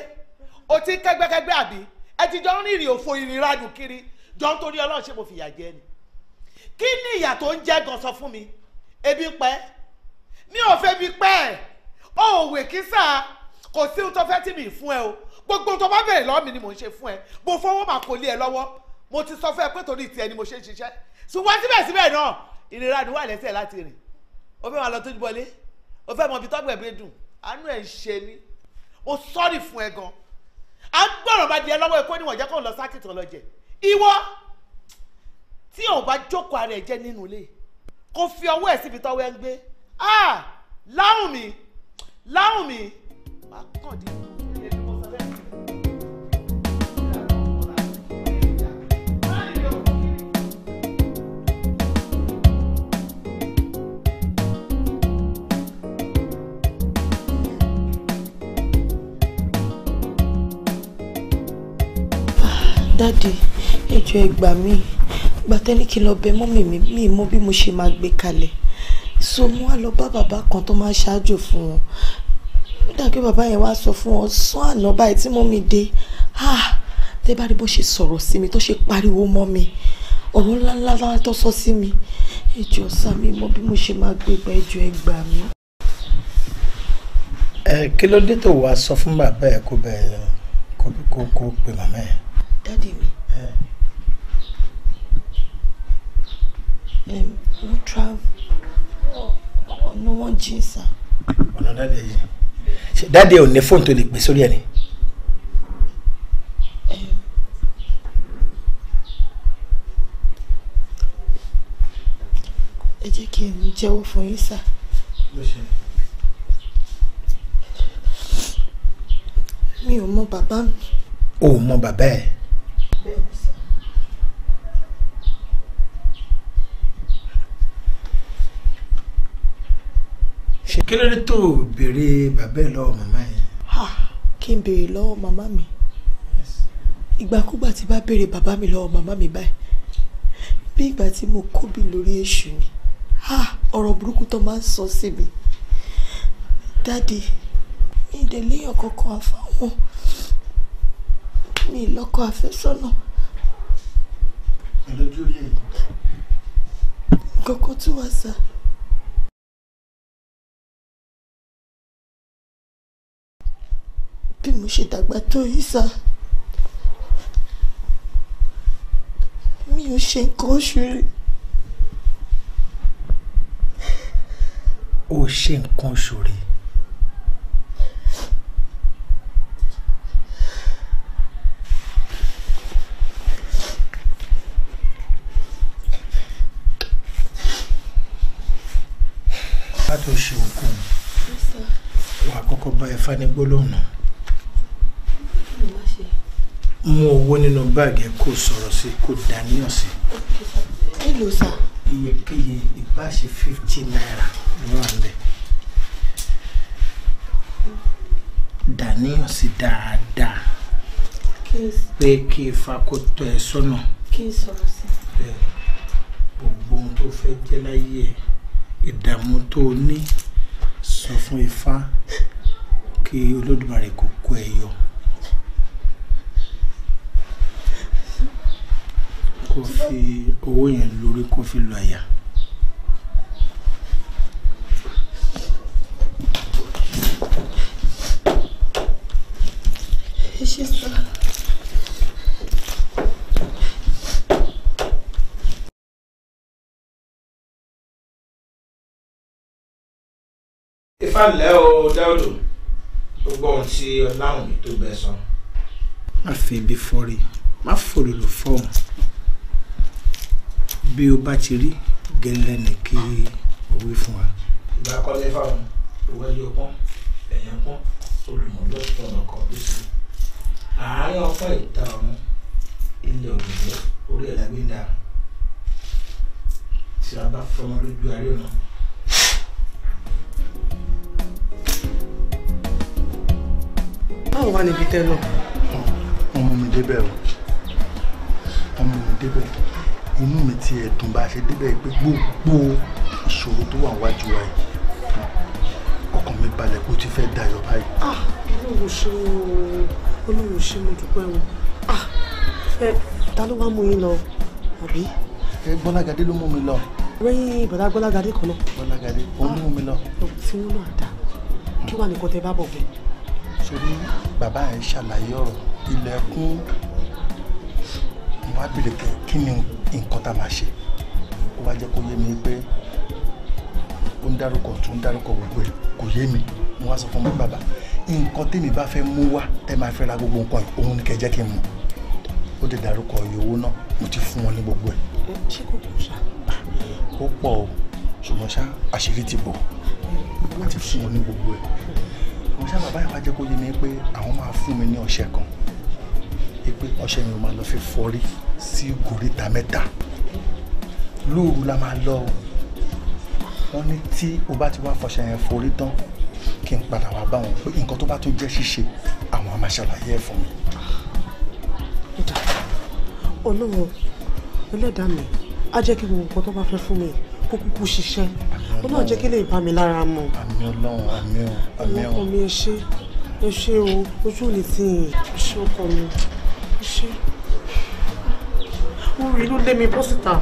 o ti ń kẹgbẹ́kẹgbẹ́ àbí ẹ ti jọ ń rìnrìn òfo ìrìnrìnàjò kiri jọ ń torí ọlọ́run ṣé mo fìyà jẹ ni kí ni ìyà tó ń jẹ́ gan sọ fún mi ebi ń pẹ́ mi ò fẹ́ bi pẹ́ ọ ò wè kí sà kò sí ohun tó fẹ́ tì mí fún ẹ o gbogbo tó bá bẹ̀rẹ̀ lọ́ọ̀ ni mò ń ṣe fún ẹ mo fọwọ́ mà kò lé ẹ lọ́wọ́ mo ti sọ fún ẹ pé torí tiẹ̀ ni mo ṣe ń ṣiṣẹ́ ṣùgbọ́n síbẹ̀síbẹ̀ náà ìrora ni lẹ́sẹ̀ láti rìn o máa lọ tójú bọlé o mọ ibi tọ́gbẹ̀ẹ́ dùn àánú ẹ̀ ń ṣe ni mo sọ́ọ̀rì fún ẹ gan-an à ń gbọ̀ràn bá di ẹ lọ́wọ́ ẹ̀kọ́ níwọ̀n jẹ́ kó lọ sákìtì ọlọ́jẹ̀ ìwọ tí ò bá jókòó ara ẹ̀ jẹ́ nínú ilé kó fi ọwọ́ ẹ̀ síbi tọ́wọ́ ẹ̀ ń gbé ah láwùmí láwùmí màá kàn dín dáàdi ẹjọ ẹgbà mi gbàtẹ́ni kí n lọ bẹ mọ́mì mi mi mọ bí mo ṣe máa gbé kalẹ̀ so mo wá lọ bá bàbá kan tó máa ṣáájú fún wọn ó dàgbé bàbá yẹn wá sọ fún wọn sún àná báyìí tí mọ́mì dé ah tẹ́ bá rí bó ṣe sọ̀rọ̀ sí mi tó ṣe pariwo mọ́ mi ọ̀rọ̀ ńláńlá tó sọ sí mi ẹjọ sami mọ bí mo ṣe máa gbé gba ẹjọ ẹgbà mi. ẹ kí ló dé tó wàá sọ fún bàbá ẹ kó bẹ kó kó pè màmá ẹ dádì mi wọ́n travel oh, ọ̀nà wọn jìn sá. ọ̀nà dádì ẹ̀ yìí ṣe dádì ẹ̀ ò ní fóònù tó lè gbé sórí ẹ̀ ni. Um, ẹ jẹ́ kí n jẹ́wọ́ fún yín sá. mi ò mọ bàbá mi. o ò mọ bàbá ẹ̀ ṣe kí ló dé tó béèrè bàbá ẹ lọ́wọ́ màmá yẹn. kí n béèrè lọ́wọ́ màmá mi ìgbàkúgbà tí bá béèrè bàbá mi lọ́wọ́ màmá mi báyìí bí ìgbà tí mo kóbi lórí èṣù ni ọ̀rọ̀ burúkú tó máa ń sọ sí mi dáàdi ìdẹ̀lẹ́yàn kankan àfáwọn mi lọ́kọ àfẹ́sọ́nà. No èlò dúró lè yìí. kókó tún wá sá. bí mo ṣe dàgbà tó yìí sá ká tó ṣe òkú wàá kọ́kọ́ bá ifá ní gbólóhùn mú owó nínú báàgì kó sọ̀rọ̀ sí kó dàníyàn sí. èlò sà. iyekeye ìbáṣe fifty naira ni wọ́n lẹ̀ dàníyàn sí dáadáa pé kí ifá kó tọ́ ẹ sọ́nà gbogbo ohun tó fẹ́ jẹ́ láyé ẹ̀ ìdààmú tó o ní sọ fún ifá kí olódùmarè kò kó ẹ yọ kó fi owó yẹn lórí kó fi lu àyà. She's done. pàlẹ́ o dáúdò ó gbọ́ ohun tí ọláhùn mi tó bẹ sọ. má fi ibi fọ́rí má fòròlò fọ́ọ̀mù bí o bá ti rí gẹ́lẹ́ ní kí o wí fún wa. ìgbà kọ́lé fáwọn owó ẹyọ pọ́n ẹ̀yìn pọ́n olùmọ̀lọ́sọ̀ ọkọ̀ lóṣù àárín ọpọ́ ìta ọ̀run ilẹ̀ òdòdó orí ẹ̀ lágbèdà tí a bá fọmọ lójú àríwá. báwo wá níbi tẹ́lọ̀. ọmọ mi débẹ̀ o ọmọ mi débẹ̀ inú mi ti ẹ̀dùn bá a ṣe débẹ̀ pé gbogbo ìṣòro tó wà wájú wa yìí ọkàn mi balẹ̀ kó ti fẹ́ dayọ̀ báyìí. olóhùn ṣe olóhùn ṣe mo dúpẹ́ o ah, ẹ ta ló wá mú yín lọ àbí. ẹ gbọ́lágadé ló mú mi lọ. lẹ́yìn ìbàdà gbọ́lágadé kan náà. gbọ́lágadé òun ló mú mi lọ. ọ̀hún tí wọ́n náà dá kí wàá nìkan tẹ bá bọ̀ bẹ́ẹ̀ torí bàbá yẹn ṣàlàyé ọ̀rọ̀ ilẹ̀kùn wá bèrè pé kí ni nǹkan tá a máa ṣe ó wá jẹ́ kó yé mi pé ó ń dárúkọ tó ń dárúkọ gbogbo ẹ̀ kò yé mi mo wá sọ fún mi bàbá nǹkan tèmi bá fẹ́ mú wá ẹ máa fẹ́ ra gbogbo nǹkan yìí òun ni kẹ́ jẹ́ kí n mọ̀ ó dẹ̀ dárúkọ iye owó náà mo ti fún wọn ní gbogbo ẹ̀. ṣé kò kò ṣá. ó pọ̀ o ṣùgbọ́n ṣá àṣírí ti bò àti fún wọn ní gbogbo ẹ̀ kò ṣá bàbá ìwà jẹ́ kó yé mi pé àwọn máa fún mi ní ọṣẹ kan pé ọṣẹ yẹn máa lọ fi fọrí sí gòríta mẹ́ta lóòru la máa lọ wọ́n ní tí o bá ti wá fọṣẹ yẹn forí tán kí n padà wá bá wọn pé nǹkan tó bá tún jẹ́ ṣíṣe àwọn máa ṣàlàyé ẹ̀ fún mi. olówó ẹlẹ́dàá mi á jẹ́ kí gbogbo nǹkan tó bá fẹ́ fún mi kó kúkú ṣiṣẹ́ ọlọ́run jẹ́ kí lè bá mi lára mu. àmì ọlọ́run àmì ọ àmì ọ. ọkọ mi ẹ ṣe ẹ ṣe o ojú ò ní ti yìn ẹ ṣe ọkọ mi ẹ ṣe. ó rí inú lé mi bọ́ síta.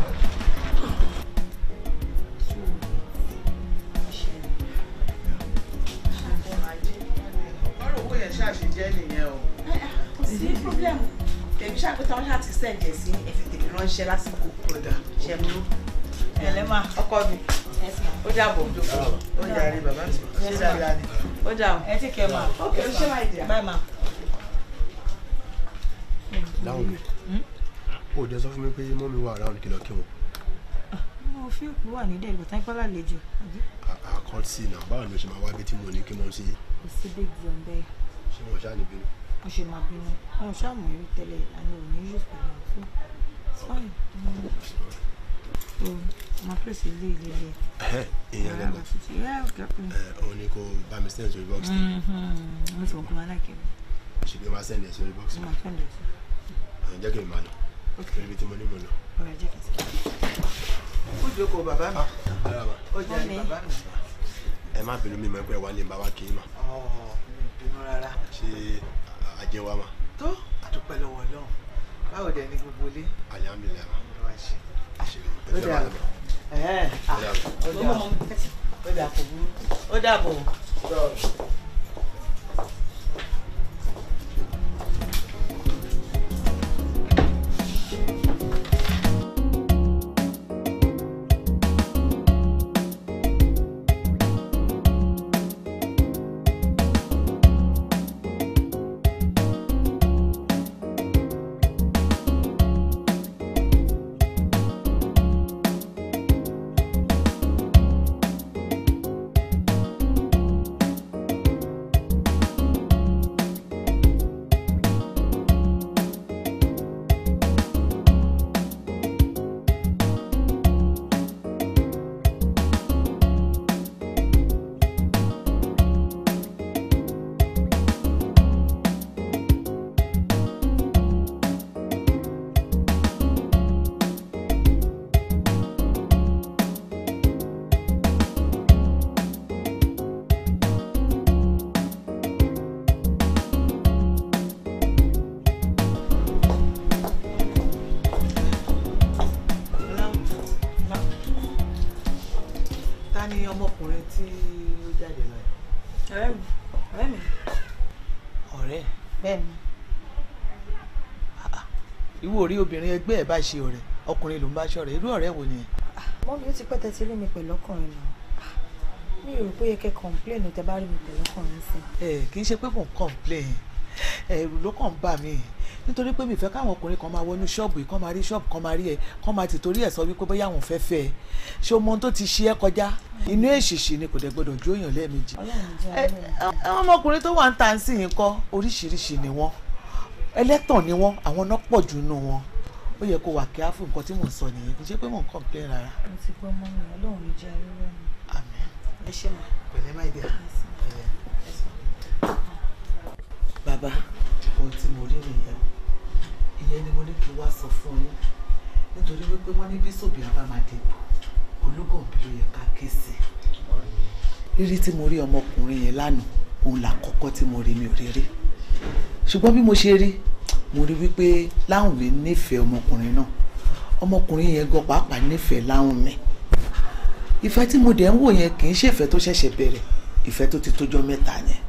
ṣàkóso àwọn ṣáà ti sẹ́ǹdẹ̀ sí ẹ̀fẹ̀tẹ̀ ránṣẹ́ lásìkò ṣẹ́mú ọkọ mi ó jàbọ̀ ó yàrá bàbá mi ó jàbọ̀ ẹ ti kẹ́ ma ok ó ṣe máa jẹ báyìí ma. dáhùn mi ó jẹ sọ fún mi pé mọ́mí wà around kìlọ̀ kí wọn. Ah, mo fi òpó wà nídẹ̀ ìgbà tán pálá lẹ́jọ́. àkọ́tì náà báwo ni o ṣe máa wá bí tí mo ní kí wọ́n ṣe. kò sí big john bẹ́ẹ̀. ṣé wọn ṣáà ní bínú. mo ṣe máa bínú wọn ṣáà mọ̀ ẹ́ tẹ́lẹ̀ àná òní yóò pẹ̀lú àwọn fún. Mm. èèyàn lẹ́nu òun ni kò bá mi send sórí bọ́ọ̀sì tí mo ti mọ̀ kó máa láìkẹ́ mi. ṣùgbọ́n máa send ẹ̀ sórí bọ́ọ̀sì mi ọ̀hún jẹ́ kí n máa lọ ibi tí mo ní mo lọ. ó jókòó bàbá mi ó jẹ́ ní bàbá mi. ẹ má bínú mi mọ ẹgbẹ́ wa ní bàbá kì í mà. bínú rárá. ṣé ajẹ́ wa mà. tó àdúpẹ́ lọ́wọ́ Ọlọ́run báwo dẹ̀ ni gbogbo ilé. àlẹ́ àmì lẹ́wọ̀n ó dà kò burú ó dà bò. ò rí obìnrin ẹgbẹ́ ẹ̀ bá ṣe ọ̀rẹ́ ọkùnrin ló ń bá ṣọ̀rẹ́ irú ọ̀rẹ́ wo nìyẹn. mọ́mí ó ti pẹ́ tẹ́tí rí mi pẹ̀lú ọkùnrin náà mi ò rò pé yẹ kẹ́ kọ̀ǹpléènì tẹ́ bá rí mi pẹ̀lú ọkùnrin sí. ẹ kì í ṣe pé mò ń kọ̀ǹpléènì ẹ̀rù ló kàn ń bà mí nítorí pé mi fẹ́ káwọn ọkùnrin kan máa wọnú ṣọ́ọ̀bù yìí kan máa rí ṣọ́ọ̀bù kan máa rí ẹ kan máa ti torí ẹ̀ sọ wípé bóyá àwọn fẹ́ ẹ ṣé o mọ ohun tó ti ṣe ẹ kọjá inú èṣìṣì ni kò dẹ̀ gbọdọ̀ jó èèyàn lẹ́ẹ̀mejì ọmọkùnrin tó wà ń ta ń sìn yín kọ́ oríṣiríṣi ni wọ́n ẹlẹ́tàn ni wọ́n àwọn náà pọ̀ jù nù wọn ó yẹ kó wà kí á fún nǹkan tí mò ń sọ nìyẹn kì í ṣe pé mò ń kàn pé rárá. mo ti gbọ́ mọ́ mi ọlọ́run ní jẹ́ ẹrú rẹ̀ mi. àmín ẹ ṣe mọ. pẹ̀lẹ́ má dé pẹ̀lẹ́. bàbá ohun tí mo rí nìyẹn ìyẹn ni mo ní kí wá sọ fún yín nítorí wípé wọ́n ní bíṣọ̀bì abámadébò olúgànbí ló yẹ ká ké sí. rírí tí mo rí ọmọkùnrin yẹn lánàá òun làkọ́kọ́ tí mo rí mi ò rí rí ṣùgbọ́n bí mo ṣe rí mo rí wípé Láwùnmí nífẹ̀ẹ́ ọmọkùnrin náà ọmọkùnrin yẹn gan pàápàá nífẹ̀ẹ́ Láwùnmí ìfẹ́ tí mo dẹ̀ ń wò yẹn kì í ṣe ìfẹ́ tó ṣẹ̀ṣẹ̀ bẹ̀rẹ̀ ìfẹ́ tó ti tójọ́ mẹ́ta yẹn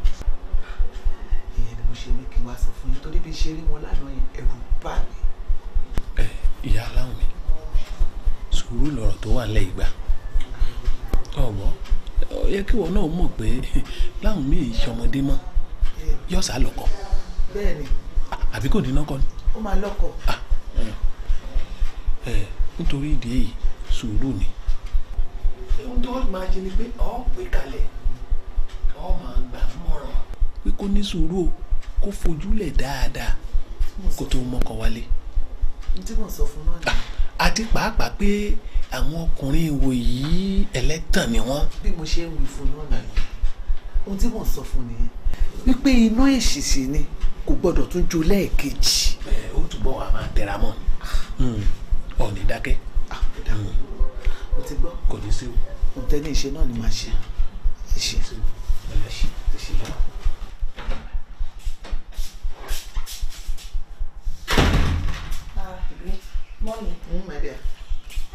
ìyẹn ni mo ṣe ní kí n wá sọ fún yín torí bí ṣe rí wọn lánàá yẹn ẹ̀rù bà mí. ẹ ìyá Láwùnmí sùúrù lọ̀rọ̀ tó wà lẹ́ ìgbà ọ̀gbọ́n ó yẹ kí wọn náà mọ̀ pé Láwùnmí ìṣọmọdé mọ́ yọ̀ọ́sà lọ́kọ̀ọ́ bẹ́ẹ̀ ni. àbí kò ní lọ́kọ ni. ó máa lọ́kọ. ẹ ah, eh, eh, nítorí ìdí èyí sùúrù ni. ohun tó máa ṣe ni pé ọ pè kalẹ̀ ọ máa gbà mọ́ràn. pé kó ní sùúrù o kó fojúlẹ̀ dáadáa kó tó mọ́kọ wálé. n tí mò ń sọ fún náà ni. Ah, àti pàápàá pé àwọn ọkùnrin ìwò yìí ẹlẹ́tàn ni wọ́n. bí mo ṣe ń wí fún náà nìyẹn ohun tí mò sọ fún nìyẹn wípé iná èṣìṣì ni kò gbọ́dọ̀ tún jó lẹ́ẹ̀kejì. ẹ ó túbọ̀ wà máa tẹra mọ́ hmm. ọ̀nì dákẹ́. Ah, hmm. mo ti gbọ́ kò ní sí o. mo tẹ́ ní ìṣe náà ni màá ṣe ìṣe. mọ́mí ẹ ṣì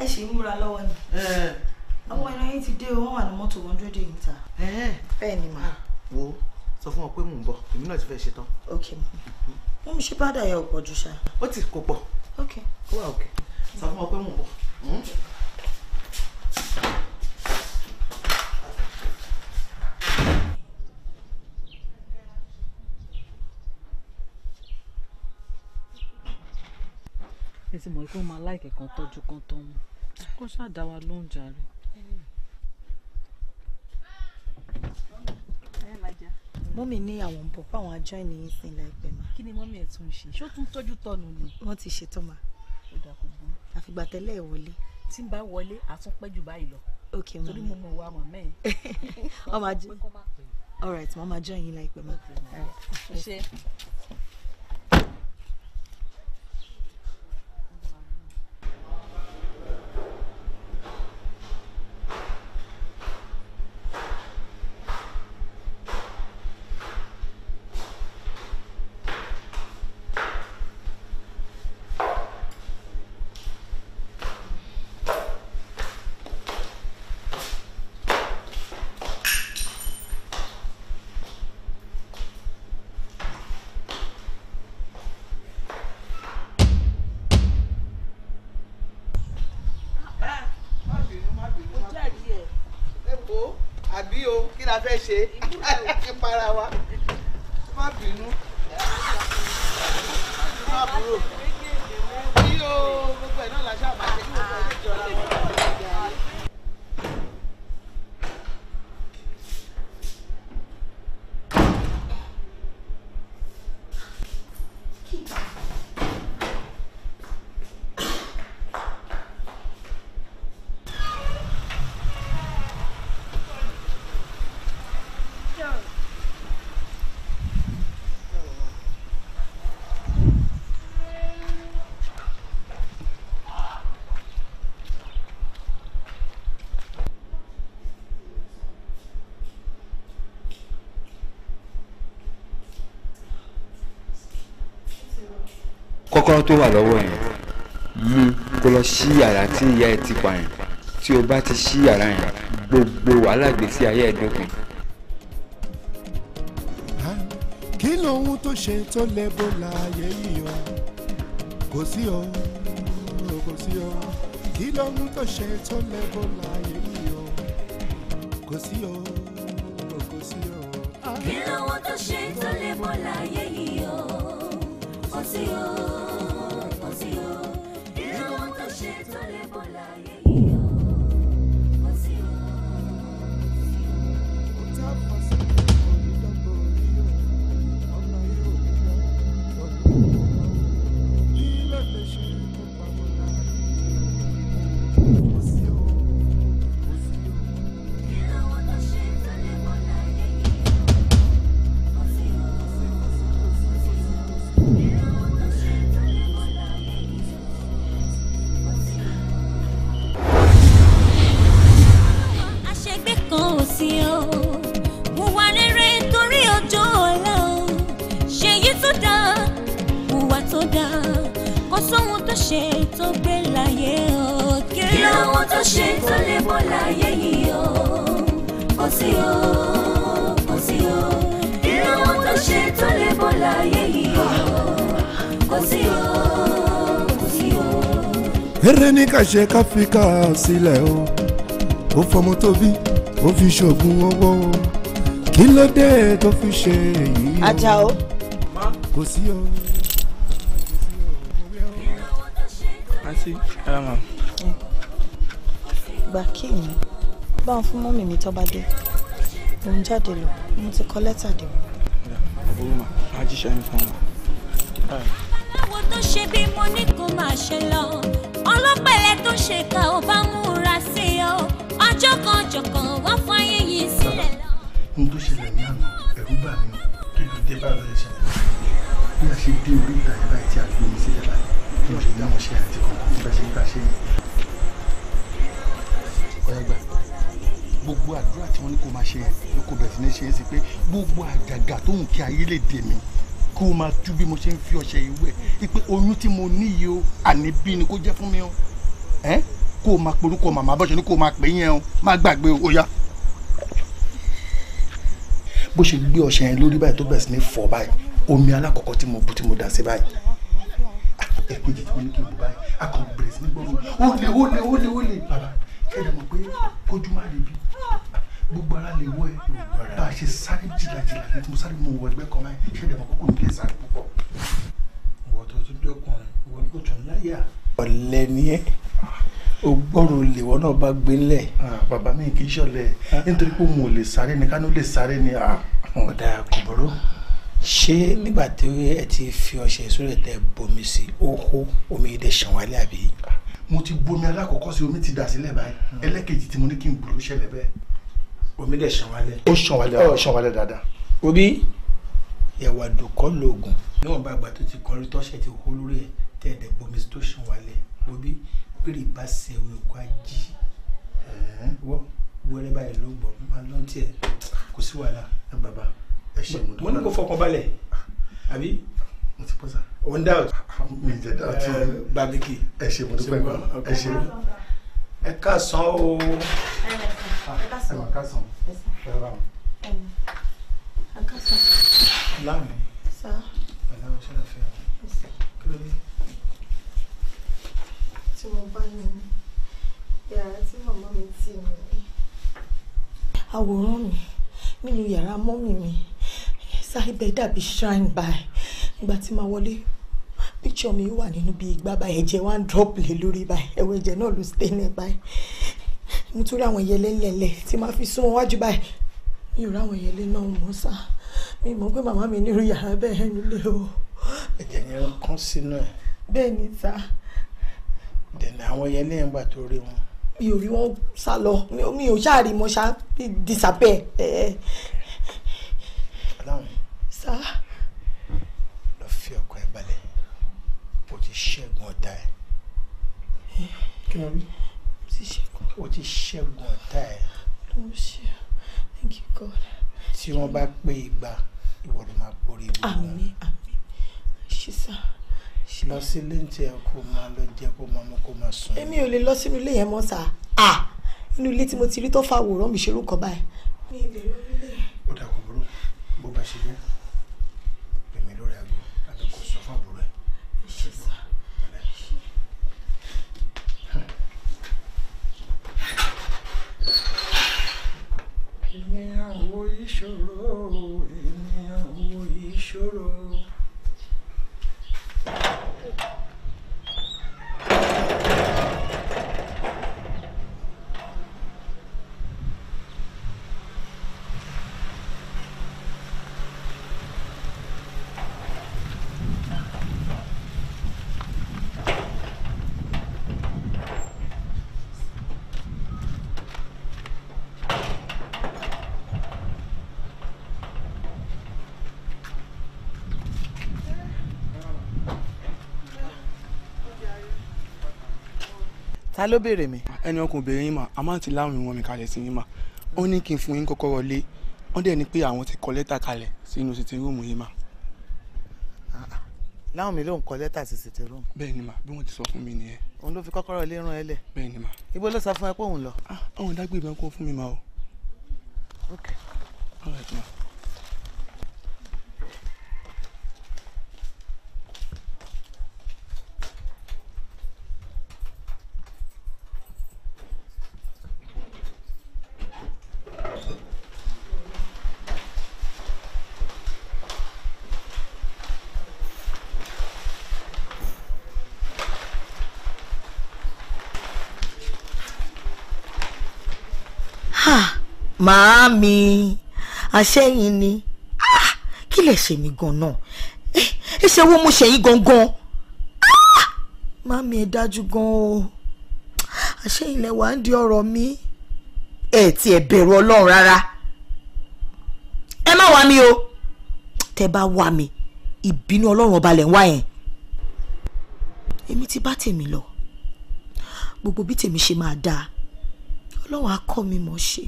ah, ń hmm, múra lọ́wọ́ ni eh. àwọn ẹran yín ti dé o wọ́n wà ní mọ́tò one hundred and eight. Eh. bẹ́ẹ̀ ni màá ah, wò ó sọ fún wọn pé mò ń bọ̀ èmi náà ti fẹ́ ṣe tán. ok mo mi ṣe bàdà yẹ ọ̀pọ̀ jù ṣá. ó ti kò pọ̀. ok ó wà òkè sọ fún wọn pé mò ń bọ̀. Hmm? ẹ ti mọ̀ pé ó máa láìkẹ́ kan tọ́jú kan tó mú kó ṣáà dá wa lóúnjẹ rẹ̀ mọ́mì ní àwọn ń bọ̀ fáwọn àjọ ènìyàn sí ilẹ̀ ẹgbẹ́ ma. kí ni mọ́mì ẹ̀ tún ṣe ṣó tún tọ́jú tọ́nu ni. wọ́n ti ṣetán ma. ó dà kó burú. àfìgbà tẹ́lẹ̀ wọlé. tí n bá wọlé àtúnpẹ́ jù báyìí lọ. ok mọ́mì torí mo mọ wa mọ̀ mẹ́ẹ̀. ọmọ àjọ all right mọ́mà join yín ma. ṣe. fẹ́ ṣe ẹ para wa. kọ́kọ́rọ́ tó wà lọ́wọ́ yẹn mú hmm. kó lọ sí yàrá tí ìyá ẹ ti pa yẹn tí o bá ti sí yàrá yẹn gbogbo wàhálà gbèsè ayé ẹ dópin. kí lóhun tó ṣe tó lẹ́bọ̀ láàyè yìí o kò sí o kò sí o kí lóhun tó ṣe tó lẹ́bọ̀ láàyè yìí o kò sí o kò sí o. kí lóhun tó ṣe tó lẹ́bọ̀ láàyè yìí o kò sí o. ṣe ká fi ká sílẹ̀ o ó fọmọ tó bí ó fi ṣoògùn owó kí ló dé tó fi ṣe èyí. Àjàó. kò sí o. gbà kí n bá fún mọ́mì mi tó dé mò ń jáde lọ mo ti kọ lẹ́tà dé. àbúrò mi fún wa. àwọn tó ṣe bí mo ní kó máa ṣe lọ ọlọ́pẹ̀lẹ̀ tó ṣèkà ò bá múra sí ọ ọjọ́ kan jọ̀kan wọ́n fáyé yìí sílẹ̀ lọ. ohun tó ṣẹlẹ̀ ní àná ẹ̀rú bà mí kí ló dé báyìí lọ́yẹ̀ ṣẹlẹ̀ bí a ṣe dé orí ìtàgé báyìí tí a gbé mi sílẹ̀ báyìí bí mo ṣe dá wọn ṣe àti kọ̀ọ̀kan bí a ṣe ń ṣe yẹn. ọ̀yàgbà gbogbo àdúrà tí wọ́n ní kó máa ṣe yẹn ló kó bẹ̀rẹ̀ sí ní ṣe é sí pé gbogbo àjàgà tóun kí ayé lè dè mí kó o máa tú bí mo ṣe ń fi ọṣẹ ìwẹ̀ ipe oyún tí mo ní yìí o àníbí ni kó jẹ́ fún mi o ẹ kó o máa porúkọ màmá bọ́sẹ̀ ni kó o máa pè é yẹn o má gbàgbé o yá. bó ṣe gbé ọṣẹ yẹn lórí báyìí tó bẹ̀rẹ̀ sí ní fọ̀ báyìí omi alákọ̀ọ́kọ́ tí mo bu tí mo dà sí báyìí ẹ̀kejì tí mo ní kí n bu báyìí akọ̀ bẹ̀rẹ̀ sí ní gbọ́dọ̀ ó lè ó lè ó lè ó lè bàbá kẹ́lẹ́ gbogbo ara lè wọ ẹ bá a ṣe sáré jìlàjìlà ní tí mo sáré mú wọ ẹgbẹ́ kan máa ṣe dẹ̀ mọ́ kókó nílé sáré púpọ̀. ìwọ tó tún dọkùnrin ìwọ ni kò tún láyà. ọ̀lẹ ni ẹ́ o gbọ́rọ̀ olè wọn náà bá gbé ńlẹ̀. bàbá mi kì í ṣọ̀lẹ nítorí pé òun ò lè sáré ni kánú lè sáré ni. ọ̀dà kò burú ṣé nígbà tí ẹ ti fi ọṣẹ sórí tẹ bomi sí ó hó omi ìdẹ ṣàn wálé àbí. mo ti bomi alákọ̀ọ́kọ́ sí omi ti dà sílẹ̀ báyìí hmm. ẹlẹ́kejì tí mo ní kí n gbòòrò ṣẹlẹ̀ bẹ́ẹ̀ omi dẹ̀ ṣàn wálẹ̀. ó ṣàn wálẹ̀ ó ṣàn wálẹ̀ dáadáa. obi ẹ̀wà dòkọ́ lóògùn. níwọ̀n bá àgbà tó ti kọrin tọ́ṣẹ̀ ti hó lórí ẹ̀ tẹ̀ẹ̀dẹ̀ bomi tó ṣàn wálẹ̀ obi bèrè bá ṣe olùkọ́ ají. wọ́n wẹ́rẹ́ báyìí ló gbọ́ máa lọ́n tiẹ̀ kò sí wàhálà ẹ bàbá. ẹ ṣe mo dúpẹ́ mo ní kó fọkàn balẹ̀ àbí. mo ti pọ́ sá. on doubt. mi jẹ dáàtì. bàbí kì. ẹ ṣe mo dúpẹ́ ẹ ṣe ẹ kásán o. ẹ kásán. ẹ kásán. ẹ rà o. ẹ kásán. láàmì. sá. bàdá mo ṣẹlẹ̀ fẹ́ ọ. kí ló dé. tí mo bá ní yàrá tí màmá mi tì mí. àwòrán mi nínú yàrá mọ́mì mi sáà ibẹ̀ dàbí shrine by ìgbà tí màá wọlé picture mi wà nínú bíi igbá báyìí ẹ̀jẹ̀ wá ń drop lé lórí báyìí ẹ̀wọ̀ ẹ̀jẹ̀ náà ló stain ẹ̀ báyìí mo tún rí àwọn ìyẹlé ńlẹ̀lẹ̀ tí màá fi sún wájú báyìí mi ò rí àwọn ìyẹlé náà mọ́ sá mi mọ̀ pé màmá mi nírú yàrá bẹ́ẹ̀ nílé o. ẹ̀jẹ̀ yẹn kán sínú ẹ̀. bẹ́ẹ̀ ni sá. dẹ̀nà àwọn ìyẹlé yẹn gbà tó rí wọn. mi ò rí wọn sá lọ mi ò ṣáà rí mo ṣáà disappear kí ló rí. mo ti ṣẹ́gun. o ti thank you God. tí wọ́n bá pé igba ìwọ ló máa borí ìwọ. àmín àmín ṣe sá. lọ sí ilé ń tẹ kó máa lọ jẹ kó máa mú kó máa sùn. èmi ò lè lọ sínú ilé yẹn mọ́ sá. Ah! inú ilé tí mo ti rí tó fa mi ṣerú kan báyìí. mi ì lè lọ ta ló béèrè mi. ẹni ọkùnrin yín mà a máa ti láwìn wọn mi kalẹ̀ sí yín mà ó ní kí n fún yín kọ́kọ́rọ́ lé wọ́n dẹ̀ ní pé àwọn ti kọ lẹ́tà kalẹ̀ sínú sitting room yín mà. láwọn mi ló ń kọ lẹ́tà sí sitting room. bẹ́ẹ̀ ni mà bí wọ́n ti sọ fún mi nìyẹn. òun ló fi kọ́kọ́rọ́ lé rán ẹ lẹ̀. bẹ́ẹ̀ ni mà. ibo ló sọ fún ẹ pé òun lọ. ah àwọn ìdágbé ìbọn kọ fún mi mà o. okay. all right ma. màámi àṣẹyìn ni ah, kí lè ṣe mí gan-an eh, ẹ ṣe wo mo ṣẹ̀yìn gangan ah, màámi ẹ dájú gan-an o àṣẹyìn lẹ ń di ọ̀rọ̀ mi ẹ ti ẹ bẹ̀rù ọlọ́run rárá ẹ má wá mi o tẹ bá wá mi ìbínú ọlọ́run ọba lẹ̀ ń wá yẹn èmi ti bá tèmi lọ gbogbo bí tèmi ṣe máa dáa ọlọ́run á kọ́ mi mọ̀ ṣe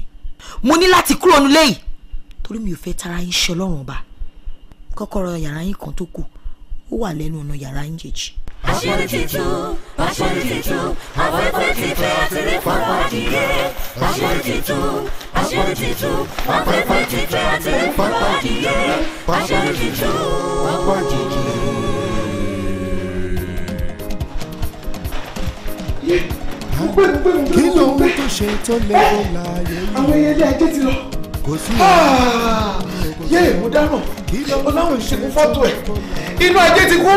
mo ní láti kúrò nílé yìí torí mi ò fẹ́ tara yín ṣe ọlọ́run ọba kọ́kọ́rọ́ yàrá yín kan tó kù ó wà lẹ́nu ọ̀nà yàrá yín jèjì. àṣírí ti tú àṣírí ti tú afẹ́fẹ́ ti fẹ́ àti rí fọwọ́ adìyẹ àṣírí ti tú àṣírí ti tú afẹ́fẹ́ ti fẹ́ àti rí fọwọ́ adìyẹ àṣírí ti tú. dúpẹ́ dúpẹ́ mo dúpẹ́. kí ló ń tó ṣe tó lè wọ láàyè yìí. àwọn ẹyẹ ilé ajé ti lọ. kò sí ìlú. yé mo dáràn ọláwọn ìṣẹ́gun fọ́tò ẹ̀ inú ajé ti kú.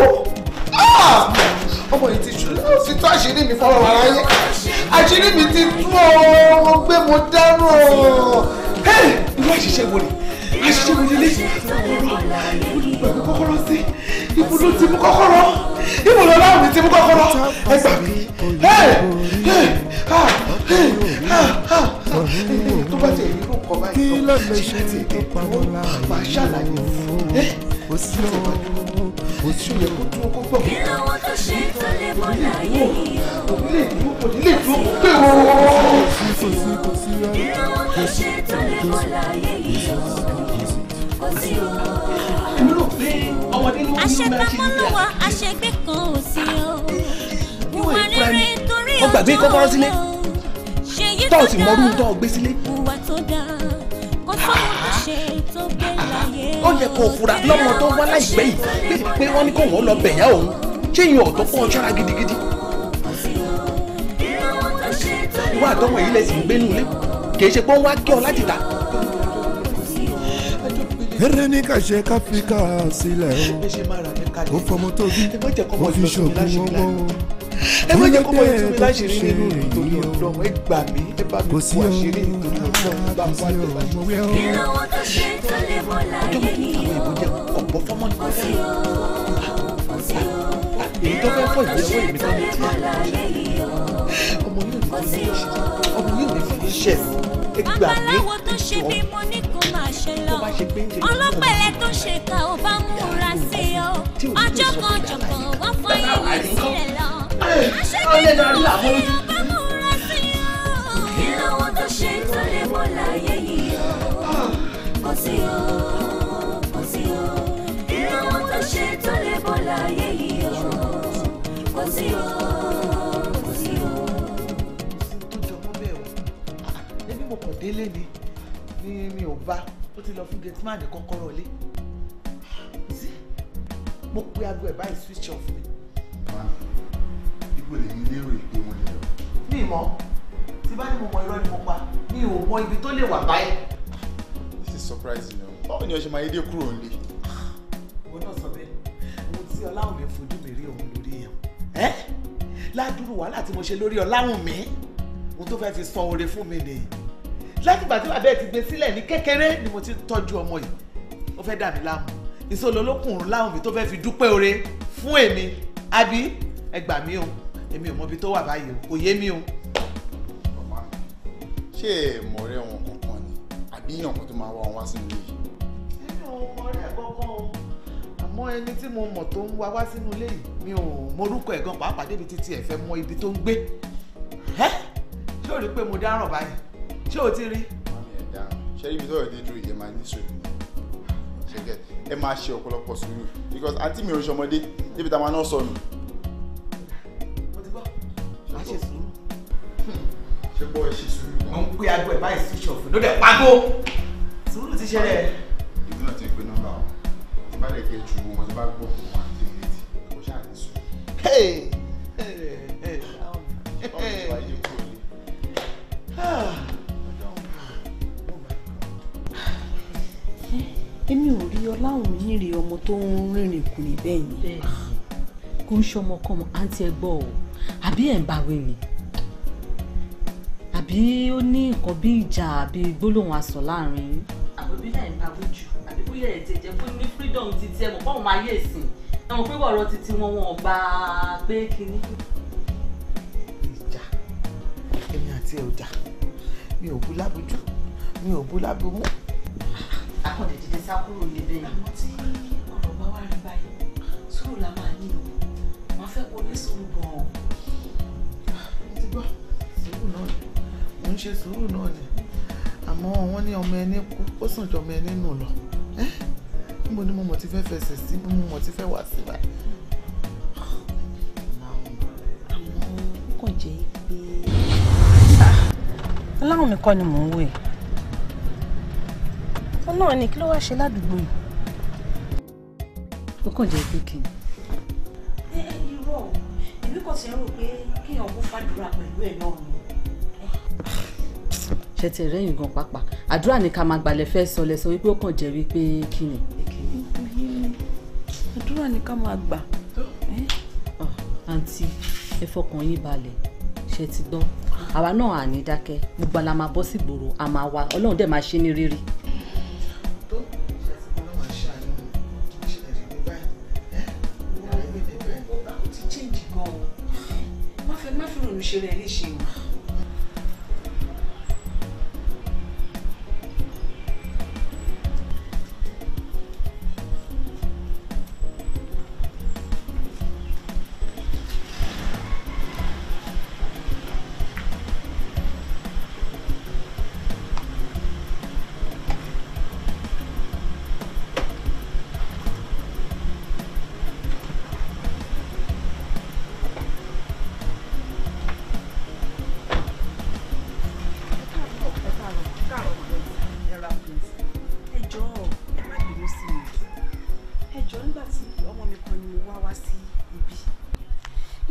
ọmọ yìí ti ṣùlẹ̀ ó sì tó àṣírí mi fọ́rọ̀ wàrà yẹn. àṣírí mi ti tú ọ mo gbé mo dáràn. irú àṣìṣe wo ni àṣìṣe wo ni lè ṣe. kọ́kọ́rọ́ sí ibùdó ti mú kọ́kọ́rọ́ ìmọ̀ lọ láwùn ní ti mú kọ́kọ́rọ́ ẹ gbà mí ah! Ah! Ah! tó bá ti èyí ló kọ́ báyìí lọ ṣe ti èdè tó máa ṣàlàyé fún ó sì ti wá dúró ó sì yẹ kó dúró kó gbọ̀. kí lè dúró kò lè dúró kó pé o. kí tó ṣe tó lè bọ́ láyé yìí o. kò sí o àṣepamọ́ wa àṣegbé kan ò sí o ìwà rere torí ọjọ́ òwò ṣèyí tó dáa ìwà tó dáa kó tó mú ṣe tó gbé láyé o. ó yẹ kó fura lọ́mọ tó wá láìpẹ́ yìí pé wọ́n ní kó wọ́n lọ bẹ̀yà òun ṣé ìyẹn ọ̀tọ̀ fún ọ ṣọ́ra gidigidi. ìwà àtọmọ yìí lẹ sì ń gbénu kì í ṣe pé wọ́n wá kí ọ láti ta eré ní ká ṣe ká fi ká o kò fọmọ tó kò fi ṣògùn owó ẹ má jẹ́ kó mọ̀ láṣìírí nínú ìtòlú ọ̀dọ́ ẹ gbà ẹ bá mi kú àṣírí ìtòlú ọ̀dọ́ ẹ bá wà lọ bá tó ṣe tó lè bọ́ láyé ni o ọ̀pọ̀ fọmọ ni wọ́n fẹ́ èyí tó fẹ́ fọ ìyẹ́wò èmi náà ní tiẹ̀ ọmọ yóò ní fi ṣe ọmọ yóò ní fi ṣe babaláwo tó ṣe bí mo ní kó máa ṣe lọ ọlọ́pẹ̀lẹ̀ tó ṣe ká ò bá múra sí ọ ọjọ́ kan jọ̀kan wọ́n fọ ayẹyẹ sílẹ̀ lọ aṣẹ́kẹ́ tó ń fi ọba múra sí ọ kí lọ́wọ́ tó ṣe tó lè mọ́ láyé yìí ọ kò sí ọ kò sí ọ kí lọ́wọ́ tó ṣe tó lè mọ́ láyé yìí. délé ni ni mi ò bá ó ti lọ fún gate man ilé mo pe aago ẹ̀ báyìí switch off mi. ibo lè lérò ìpè wọn lè mi mọ̀ tí bá ní mo mọ irọ́ ni mo pa mi ò mọ ibi tó lè wà báyìí. this is surprising o báwo ni o ṣe máa yédè kúrò nílé. ìwọ náà sọ bẹ́ẹ̀ mo ti ọláhùn mi fojú mi rí òun lórí èèyàn. ládùúrú wàhálà tí mo ṣe lórí ọláhùn mi mo tó fẹ́ fi san oore fún mi nìyí láti ìgbà tí bàbá ẹ ti gbé sílẹ̀ ní kékeré ni mo ti tọ́jú ọmọ yìí ó fẹ́ dà mí láàmú ìṣòro olókùnrin láwọn mi tó fẹ́ fi dúpẹ́ oore fún èmi àbí ẹ gbà o èmi ò mọ ibi tó wà báyìí o kò yé mi o. màmá ṣé ẹ mọ ọ̀rẹ́ wọn kankan ni àbí yàn kan tó máa wá wọn wá sínú ilé yìí. nínú ọ̀rẹ́ kankan o àmọ́ ẹni tí mo mọ̀ tó ń wá wá sínú ilé yìí mi ò morúkọ ẹ̀ gan pàápàá débi títí ẹ̀ fẹ́ mọ ibi tó ń gbé. ṣé o rí i pé mo dáràn báyìí ṣé o ti rí. mami ẹ dáa ṣé ibi tó yọ dé dúró yẹ máa ní sùúrù ṣẹkẹ ẹ máa ṣe ọ̀pọ̀lọpọ̀ sùúrù because àǹtí mi ò ṣọmọdé débi táwọn náà sọnù. mo ti gbọ́ máa ṣe sùúrù. ṣé bọ́ ẹ ṣe sùúrù. mo ń pè aago ẹ̀ báyìí sí ṣọ̀fù ló dẹ̀ pàgó sùúrù ti ṣẹlẹ̀. ìlú náà ti pe nọ́mbà o tí bá lè gẹ̀ ju wọn tí bá gbọ́ fún wọn àti ìrètí kò ṣáà ní sùúrù. èmi ò rí ọláhùn yìí rí ọmọ tó ń rìnrìn kùnrin bẹ́ẹ̀ ni kò ń ṣọmọ àǹtí ẹ o àbí ẹ̀ ń bá wí ni àbí ó ní nǹkan bí ìjà àbí gbólóhùn asọ̀ láàrin. àbí bí náà ń bá wí jù àbí bóyá ẹ̀ tẹ̀ jẹ́ pé ní freedom titi ẹ̀ mọ̀ báwọn máa yé ìsìn ẹ̀ mọ̀ pé ọ̀rọ̀ titi wọn wọn gbà pé kinní. ìjà èmi àti ẹ̀ ò jà mi ò bú lábújú mi ò bú lábúmú akọ̀dẹ̀ dídé sá kúrò níbẹ̀. àmọ́ tí ọ̀rọ̀ bá wá rí báyìí sùúrù la máa ní o màá fẹ́ kó ní sùúrù gan-an. mo ti gbọ́ sùúrù náà ni mò ń ṣe sùúrù náà ni àmọ́ wọ́n ní ọmọ ẹni kú ó sàn jọ ọmọ ẹni nù lọ níbo ni mo mọ̀ ti fẹ́ fẹsẹ̀ sí bí mo mọ̀ ti fẹ́ wà sí báyìí. aláwọ̀ mi kọ́ ni mò ń wò yìí ó náà ni kí ló wáá ṣe ládùúgbò yìí. ó kàn jẹ́ pé kí n. ẹ ẹ irọ́ o èmi kò sí rò pé kéèyàn kó fàdúrà pẹ̀lú ẹ̀ náà ni. ṣe ti rẹ́yìn gan pàápàá àdúrà ni ká máa gbalẹ̀ fẹ́ sọ lẹ́sọ wípé ó kàn jẹ́ wípé kí ni. àdúrà ni ká máa gbà. Ah, àǹtí ẹ fọkàn yín balẹ̀ ṣe ti gbọ́ àwa náà àní dákẹ́ gbogbo la máa bọ́ sígboro a máa wá ọlọ́run dẹ̀ máa ṣe ní rírì má fi ronú ṣe rẹ̀ léṣe o.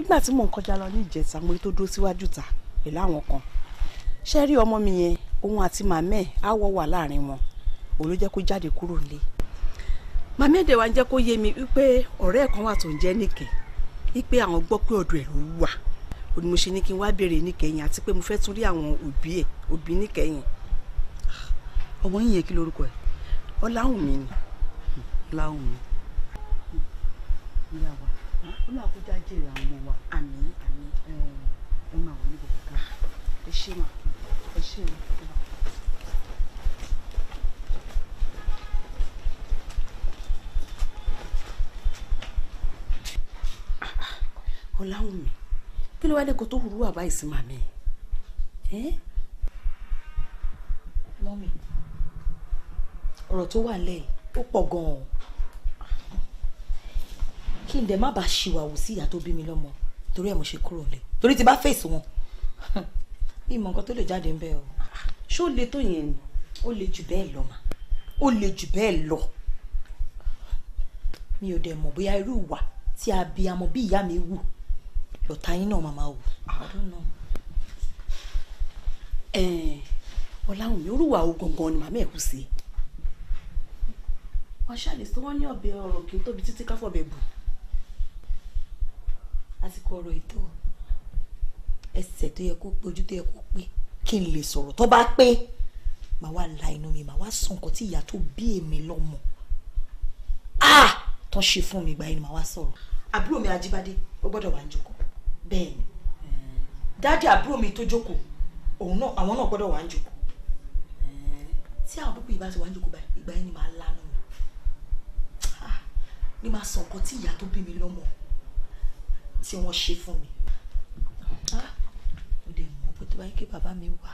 nígbà tí mò ń kọjá lọ ní ìjẹta mo rí tó dúró síwájú ta pẹ̀lú àwọn kan ṣe rí ọmọ mi yẹn òun àti màmẹ́ àwọ̀ wà láàrin wọn òun ló jẹ́ kó jáde kúrò nílé màmẹ́ èdè wa ń jẹ́ kó yé mi wípé ọ̀rẹ́ ẹ̀ kan wà tó ń jẹ́ nìkẹ́ wípé àwọn gbọ́ pé ọ̀dọ̀ ẹ̀ ló wà òun ni mo ṣe ní kí n wá béèrè nìkẹyìn àti pé mo fẹ́ tún rí àwọn òbí ẹ̀ òbí nìkẹyìn ọmọ yìí kí lorúkọ ẹ̀ ọláhùn mi ni ọláhùn mi ìyá wa olú àkójá jèrè àwọn ọmọ wa àmì àmì ẹ máa wọ ní gbogbo ká ẹ ṣe mà ẹ ṣe mà. ọ̀làwùnmí kí ló wá lè kó tó hurú àbá ìsìn màmí ọ̀rọ̀ tó wà lẹ́yìn ó pọ̀ gan-an kí n dẹ̀ má bàa ṣìwàwù sí ìyá tó bí mi lọ́mọ torí ẹ̀ mo ṣe kúrò lé torí ti bá fèsì wọn bí ìmọ̀ nǹkan tó lè jáde ń bẹ̀ o. ṣé ó le tó yẹn ni ó le jù bẹ́ẹ̀ lọ mà ó le jù bẹ́ẹ̀ lọ. mi ò dẹ̀ mọ̀ bóyá irú ìwà tí abiyamọ bí ìyá mi wù lọ́tà yín náà màmá wù. ọ̀làwùnmí orúwà o gangan ni màmá ẹ̀ kù sí. wọ́n ṣàlè sọ wọ́n ní ọ̀bẹ ọ̀rọ̀ kí n tóbi títí káfọ̀ bẹ̀ bù àsìkò ọ̀rọ̀ ètò ẹsẹ̀ tó yẹ kó pé ojú tó yẹ kó pé kí n lè sọ̀rọ̀ tó bá pé màá wá la inú mi màá wá sọ nǹkan tí ìyá tó bí èmi lọ́mọ ah tó ṣe fún mi ìgbà yẹn ni màá wá sọ̀rọ̀ àbúrò mi Ajíbádé ó gbọ́dọ̀ wà ń jókòó bẹ́ẹ̀ ni dáàdì àbúrò mi tó jókòó òun náà àwọn náà gbọ́dọ̀ wà ń jókòó tí àwọn púpọ̀ ìbá ti wà ń jókòó báyìí ìgbà yẹn ni màá lanu ni màá sọ nǹkan tí ìyá tó bí mi lọ́mọ tí wọ́n ṣe fún mi ah, mo dẹ̀ mọ̀ bó ti bá yẹ kí bàbá mi wà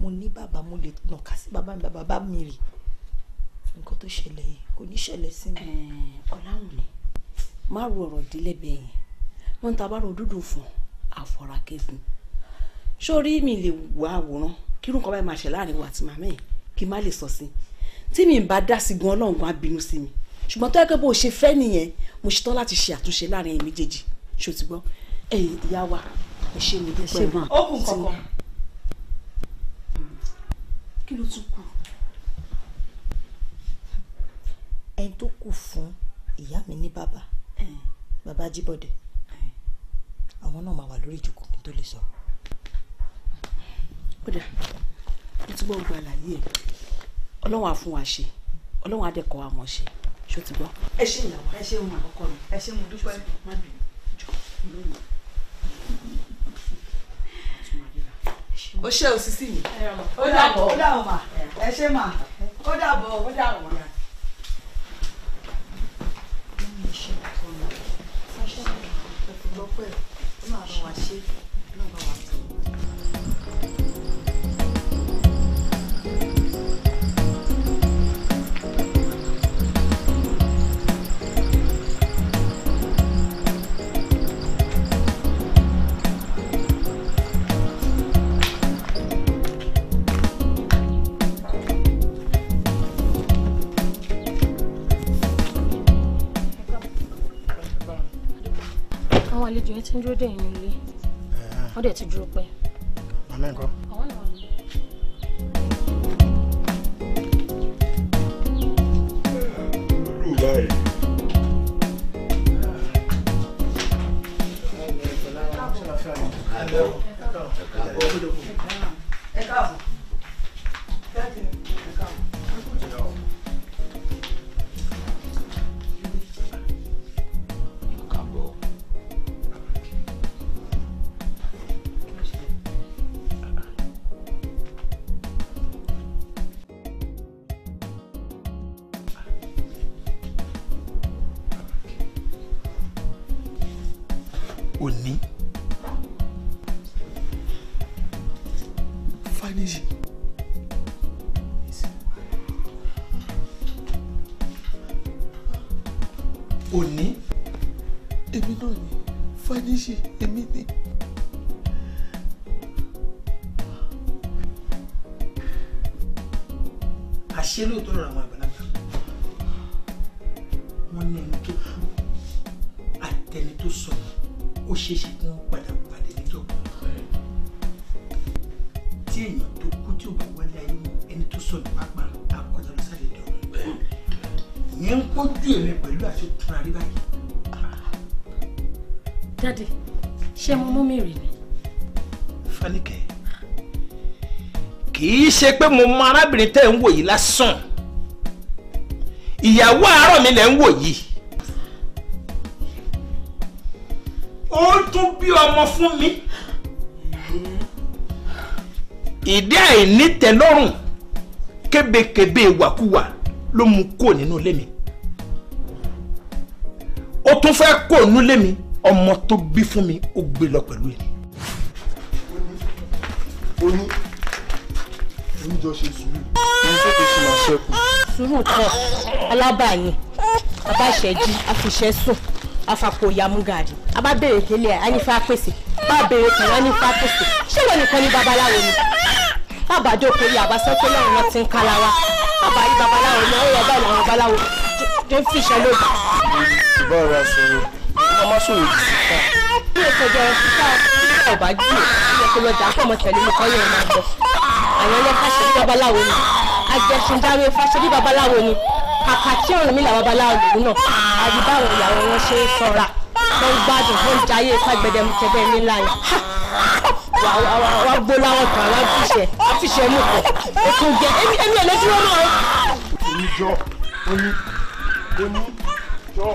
mo ní bàbá mo lè nàka sí bàbá mi bàbá mi rè nǹkan tó ṣẹlẹ̀ yìí kò ní ṣẹlẹ̀ sí mi. ọ̀làwùn má ro ọ̀rọ̀ délé bẹ́ẹ̀ yẹn wọ́n ń ta bá ro dúdú fún àfọ̀rakẹ́gun sórí mi lè wá àwòrán kí irú nǹkan báyìí máa ṣe láàrin wa àti màmá ẹ̀ kí n má lè sọ sí tí mi bá dá sí gan ọlọ́run gan á bínú sí mi ṣùgbọ́n tó yẹ kó bó ṣe fẹ́ nìyẹn mo ṣetán láti ṣe àtúnṣe láàrin ẹ̀ méjèèjì ṣòtìgbọ́ ẹ̀yìn ìyá wa ẹ ṣe mi dúpẹ́ mọ́. ó kù kankan kí ló tún kù. ẹni tó kù fún ìyá mi ní bàbá bàbá Jíbọ̀dé àwọn náà máa wà lórí ìjókòó kí n tó lè sọ. kódà mo ti gbọ́ gbọ́ àlàyé ẹ̀ ọlọ́run á wa ṣe ọlọ́run á dẹ̀ ṣe ṣó ti gbọ́. ẹ ṣe ìyàwó ẹ ṣe ohun àkọ́kọ́ mi ẹ ṣe mo dúpẹ́ má bínú o ṣe òsísì mi. ó dàbọ̀ ó dàbọ̀ mà ẹ ṣe mà ó dàbọ̀ ó dàbọ̀ mà. tún dúró dè yín nílé wọ́n dẹ̀ ti dúró pẹ́. Dádì, ṣé mo mú mi rè ni? Fáníkẹ́, kì í ṣe pé mo mọ arábìnrin tẹ́ ń wò yìí lásán. Ìyàwó àárọ̀ mi lẹ̀ ń wò yìí. Ó tún bí ọmọ fún mi. Ìdí àìnítẹ́lọ́rùn kébékébé ìwàkuwà ló mú kó nínú ilé mi. Ó tún fẹ́ kó nínú ilé mi ọmọ tó bí fún mi ó gbé lọ pẹ̀lú èmi. ó oníjọ ṣe sùúrù ohun tó ṣe máa sùúrù pọ̀ alábàáyìn abáṣẹ́jú àfiṣẹ́sùn afapò yamugari abábẹ̀rẹ̀ tẹ́lẹ̀ anífẹ́ apèsè bábẹ̀rẹ̀ tẹ̀lé anífẹ́ apèsè ṣé wọn nìkan ní babaláwo ni bàbájọ kò rí àbá sọ́kẹ́ náà ti ń kala wa bàbá yí babaláwo náà ó yọ báyìí àwọn babaláwo jẹ́ fìṣẹ́ lóògùn. ìbára sọ̀rọ̀ mọ́sùn yìí. bí o ṣe jẹun sísá sísá ọba jù ní ọpọlọ jà pọ̀ mọ́tẹ̀lẹ́ mi kọ́ yẹn máa bọ̀. àwọn ẹlẹ́ fàṣẹ bí babaláwo ni ajẹsùndáre fàṣẹ bí babaláwo ni kàkà tí ọ̀rùn mi làwọn babaláwo lòun náà àdìbáwọn ìyàwó wọn ṣe é sọ̀ra wọ́n gbádùn wọ́n jayé fagbẹ̀dẹ̀ mú tẹ́gbẹ́ mi láyé wà á gbóná wọn kan wà á fìṣẹ́ á fìṣẹ́ mú kọ́ ètò jẹ èmi èmi ẹ̀ lójú wọn náà. oníjọ oní oníjọ.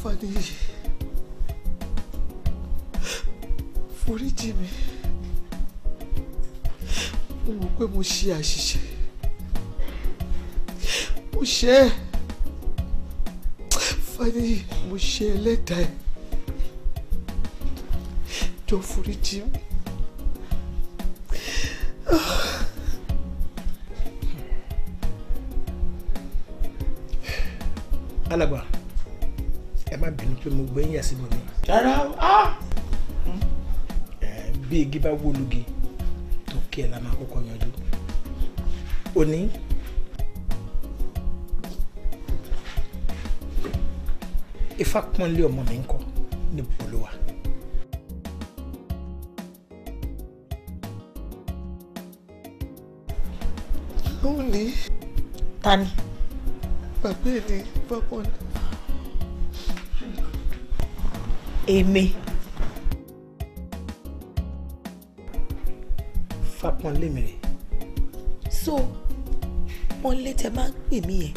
Fadéyí foríjì mi mo mọ̀ pé mo ṣe àṣìṣe mo ṣe é Fadéyí mo ṣe ẹlẹ́dàá ẹ̀ jọ foríjì mi. alàgbà má bínú pé mo gbẹ́yìn ẹ̀ síbò ni. rárá ah! bí igi bá wó lugi tó kí ẹ la máa kọ́kọ́ yanjú òní. ifá pọ́nlé ọmọ mi ń kọ́ ní bolówà. ta ni. bàbá ẹ̀ ní bàbá ọ̀nà. èmi. fapọ́nlé mi so pọ́nlé tẹ máa ń pè mí yẹn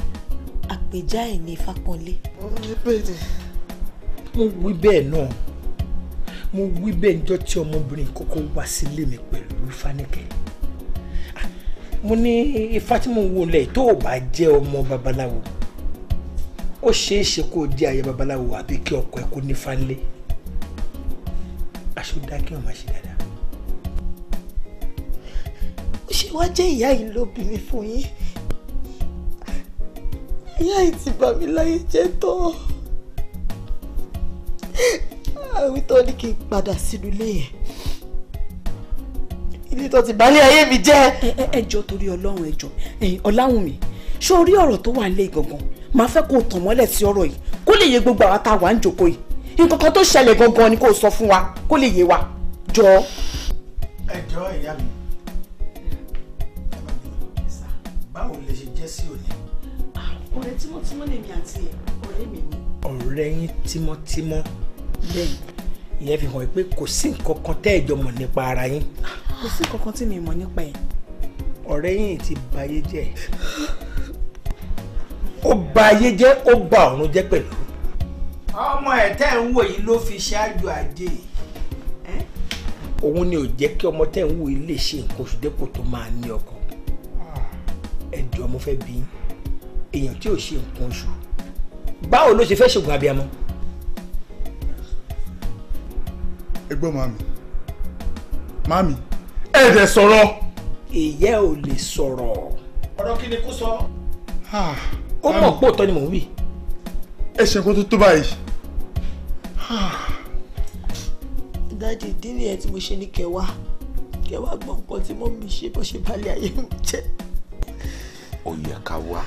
àpèjá ẹ̀ ní fapọ́nlé. mo wí bẹ́ẹ̀ náà mo wí bẹ́ẹ̀ níjọ́ tí ọmọbìnrin kọ́kọ́ wá sílé mi pẹ̀lú Fánikẹ́ ah, mo ní ifá tí mo ń wọlé tó o bá jẹ́ ọmọ babaláwo ó ṣeé ṣe kó o di aya babaláwo àbí kí ọkọ ẹ kó nífà lé aṣọ dá kí wọn máa ṣe dáadáa. ó ṣe wá jẹ́ ìyá yìí ló bí mi fún yín ìyá yìí ti bà mí láyé jẹ́ tán àwọn tó ní kí n padà sínú ilé yẹn ilé tó ti balẹ̀ ayé mi jẹ́. ẹ jọ torí ọlọ́run ẹ jọ ọláwùnmí ṣé orí ọ̀rọ̀ tó wà lé gangan máa fẹ́ kó tàn mọ́lẹ̀ sí ọ̀rọ̀ yìí kó lè yé gbogbo àwọn tá a wà ń jókòó yìí nǹkan kan tó ṣẹlẹ̀ gangan ni kò sọ fún wa kó lè yé wa jọ. ẹ jọ ìyá mi ẹ má bínú báwo lè ṣe jẹ́ sí òní. ọ̀rẹ́ tímọ́tímọ́ lèmi àti ọ̀rẹ́ mi ni. ọ̀rẹ́ yín tímọ́tímọ́ lẹ́yìn ìyẹn fi hàn pé kò sí nǹkan kan tẹ́ ẹ jọ mọ̀ nípa ara yín. kò sí nǹkan kan tí mi mọ̀ nípa ẹ̀. ọ̀rẹ́ yín ti bayé jẹ́ ó bayé jẹ́ ó ba ọ̀run jẹ́ pẹ̀lú ọmọ ẹ̀ tẹ́ ń wò yìí ló fi ṣáájú ajé òun ni ò jẹ́ kí ọmọ tẹ́ ń wò yìí lè ṣe nǹkan oṣù dépò tó máa ní ọkọ ah. ẹ̀dùn ọmọ fẹ́ bí èèyàn tí ò ṣe nǹkan oṣù báwo ló ṣe fẹ́ ṣègùn abiyamọ. ẹgbọ́n màmí màmí ẹ̀ dẹ̀ sọ̀rọ̀. ìyẹ́ ò lè sọ̀rọ̀. ọ̀rọ̀ kí ni kó sọ. Ah, ó mọ̀ pé òótọ́ ni mò ń wí. ẹ ṣe nǹkan tó tó báyìí. Ah. dáàdi ìdí nìyẹn tí mo ṣe ní kẹwàá kẹwàá gbọ́ nǹkan tí mo mi ṣe bó ṣe balẹ̀ ayé mi jẹ́. ó yẹ ká wá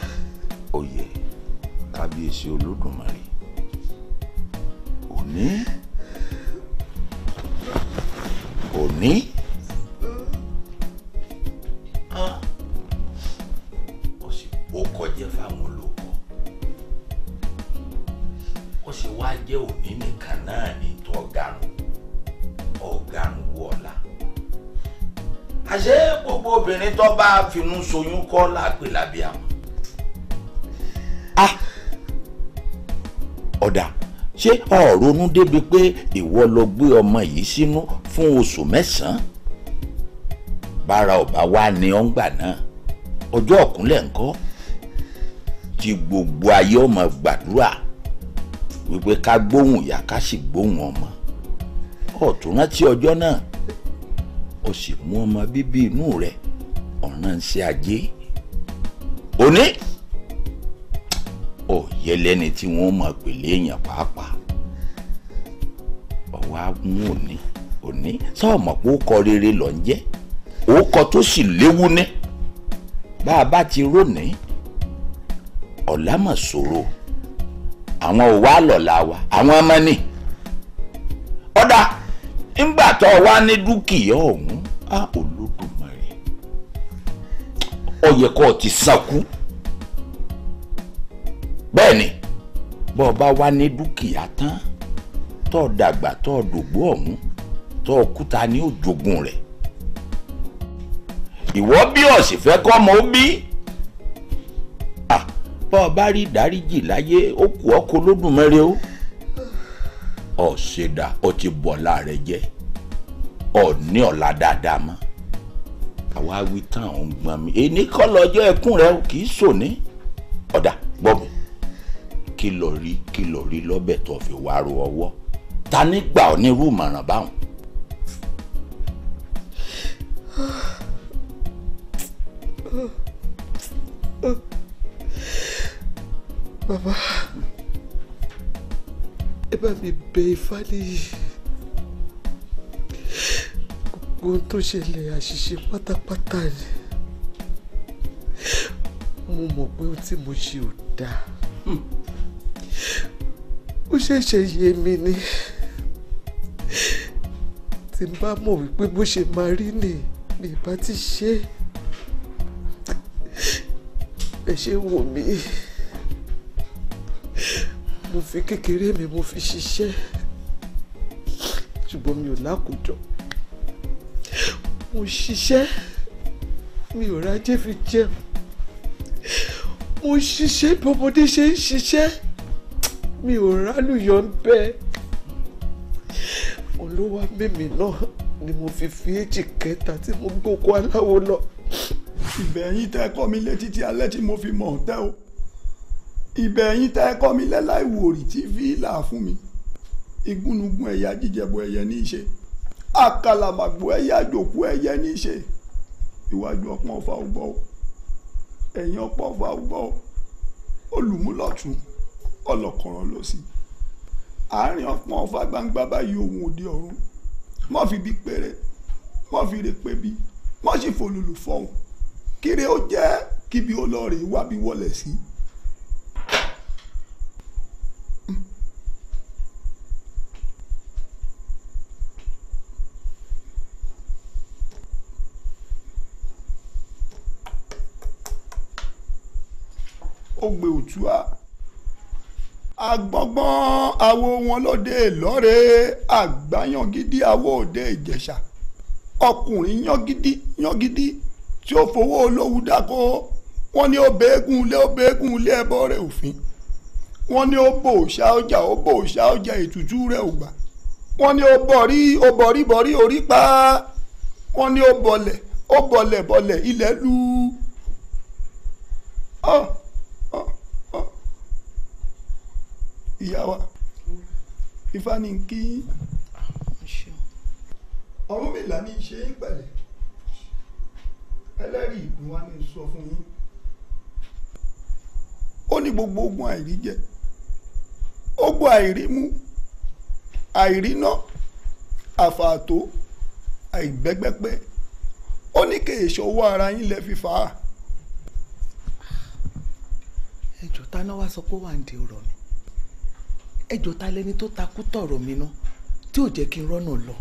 ó yẹ kábíyèsí olódùmarè òní òní. Ah. ó sì ó kọjá fáwọn olóògùn ó sì wá jẹ́ òní nìkan náà ní tó ọ̀gáàrùn ọ̀gáàrùn wọ ọ̀la. àṣé gbogbo obìnrin tó bá finú soyún kọ́ láàpè lábíàmù. ah ọ̀dà ṣé ọ̀rọ̀nú débi pé ìwọ ló gbé ọmọ yìí sínú fún oṣù mẹ́sàn-án bára ọba wa ni ó ń gbà náà ọjọ́ ọ̀kúnlẹ̀ ńkọ́ tí gbogbo ayé ọmọ gbàdúrà wípé ká gbóhùn ìyá ká sì gbóhùn ọmọ ọ̀tún rántí ọjọ́ náà o sì mú ọmọ bíbí inú rẹ ọ̀ràn ṣe ajé òní ò yẹ lẹ́ni tí wọ́n mọ̀ pèlè èèyàn pàápàá ọ̀wá mú òní òní sọ̀mọ̀ pé ó kọ rere lọ ń jẹ́ òókọ tó sì léwu ní bá a bá ti rónìí ọ̀la mà àwọn ò wá wa àwọn ọmọ ni ọ̀dà ńgbà tó wá ní dúkìá ọ̀hún á olódùmarè ó yẹ ti sankú bẹ́ẹ̀ ni bọ́ bá wá ní dúkìá tán tó dàgbà tó dògbó ọ̀hún tó kúta ní òjògùn rẹ̀ ìwọ bí ọ̀sìn fẹ́ kọ́ ọmọ bí bọ́ ọ bá rí ìdáríjì láyé ó kú ọkọ o ọ̀ṣẹ̀dá ó ti bọ̀ ọ̀la jẹ́ ọ̀ní ọ̀la dáadáa mọ́ àwa wí tán òun gbọ́n mi èyí kọ́ lọ́jọ́ ẹkún rẹ kì í ọ̀dà gbọ́ mi kí lọ rí kí lọ rí lọ́bẹ̀ tó fi ta ní gbà bàbá ẹ bá mi bẹ Ifáníyì gbogbo ohun tó ṣẹlẹ̀ àṣìṣe pátápátá ni mo mọ̀ pé ohun tí mo ṣe ò dáa ó ṣẹ̀ṣẹ̀ yé mi ni tí n bá mọ̀ wípé bó ṣe máa rí ni mi bá ti ṣe é ẹ ṣe wò mí mo fi kékeré mi mo fi ṣiṣẹ́ ṣùgbọ́n mi ò lákòjọ mo ṣiṣẹ́ mi ò rájé fi jẹun mo ṣiṣẹ́ bọ́mọdé ṣe ń ṣiṣẹ́ mi ò rálùyọ̀ ń bẹ́ẹ̀ olówó mímì náà ni mo fi fi èjì kẹta tí mo gbóko aláwo lọ. ìbẹ̀yìn tẹ́ kọ́ mi létí tí alẹ́ tí mo fi mọ̀ ọ́n tẹ́ o ibẹ̀ yín tẹ́ kọ́ mi lẹ́láìwòrì tí fíìlà fún mi igúnnugún ẹ̀yà jíjẹ̀bọ ẹ̀yẹ ní í ṣe àkàlàmàgbò ẹ̀yà àjòkú ẹ̀yẹ ní í ṣe ìwájú ọpọ́n ọ̀fà ògbọ́ o ẹ̀yìn ọpọ́n ọ̀fà ògbọ́ o olùmúlọ̀tún ọlọ́kọ̀ọ̀rọ̀ ló sì àárín ọpọ́n ọ̀fà gbangba báyìí òun òde ọ̀run mọ́ fi bí péré mọ́ fi rè pé bí mọ́ sì fòlùlù fọ́hùn kiri ó jẹ́ kíbi olóore wábi wọlé sí i ògbè òtúà agbọ́gbọ́n awo wọn lóde lọ́rẹ́ àgbáyangidi awo òde ìjẹ̀ṣà ọkùnrin yangidi yangidi tí ó fowó olówó dáko wọ́n ní ó béégún ilé ó béégún ilé ẹbọ rẹ̀ òfin wọ́n ní ó bò ṣá ọjà ó bò ṣá ọjà ètùtù rẹ̀ ògbà wọ́n ní ó bọ̀rí ó bọ̀rí bọ̀rí orí pa wọ́n ní ó bọ̀lẹ̀ ó bọ̀lẹ̀ bọ̀lẹ̀ ilẹ̀ lu. Oh. ìyá wa ifá ni kí ọ̀run mìlá ní ṣe é pẹ̀lẹ́ ẹlẹ́rìí ìgbín wa ní sọ fún yín ó ní gbogbo ogun àìrí jẹ ogun àìrí mu àìrí ná àfààtó àìgbẹ́gbẹ́pẹ́ ó ní kèèṣọ owó ara yín lẹ́ fi fà á. ẹjọ táná sọ pé wà ń de ọ̀rọ̀ mi ẹjọ́ ta lẹni tó takú tọ̀rọ̀ mi ná tí ò jẹ́ kí n rọ́nà lọ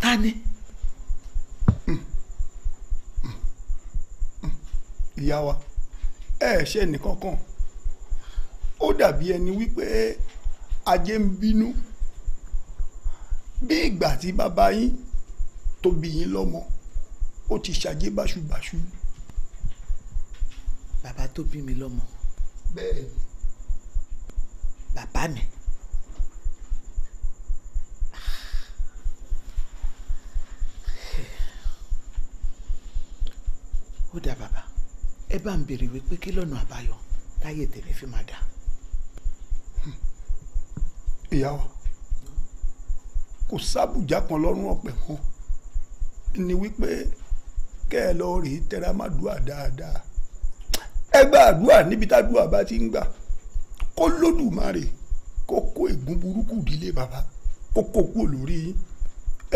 ta ni. ìyá wa ẹ ẹ ṣe nìkankan ó dàbí ẹni wípé ajé ń bínú bí ìgbà tí bàbá yín tó yín lọ́mọ ó ti ṣàjẹ́ báṣubàṣu. bàbá tó bí mi lọ́mọ. bẹ́ẹ̀ bàbá mi. ó dá bàbá ẹ bá ń béèrè wípé kí lọ́nà àbáyọ láyé tèmi fi máa dà. ìyá wa kò sábùjá kan lọ́rùn ọ̀pẹ̀ mọ́ ni wípé kẹ́ ẹ lọ rí tẹ́ramádùá dáadáa ẹ gba àdúrà níbi tádùá bá ti ń gbà kó lódùmarè kó kó ègún burúkú ìdílé bàbá kó kó kú olórí yín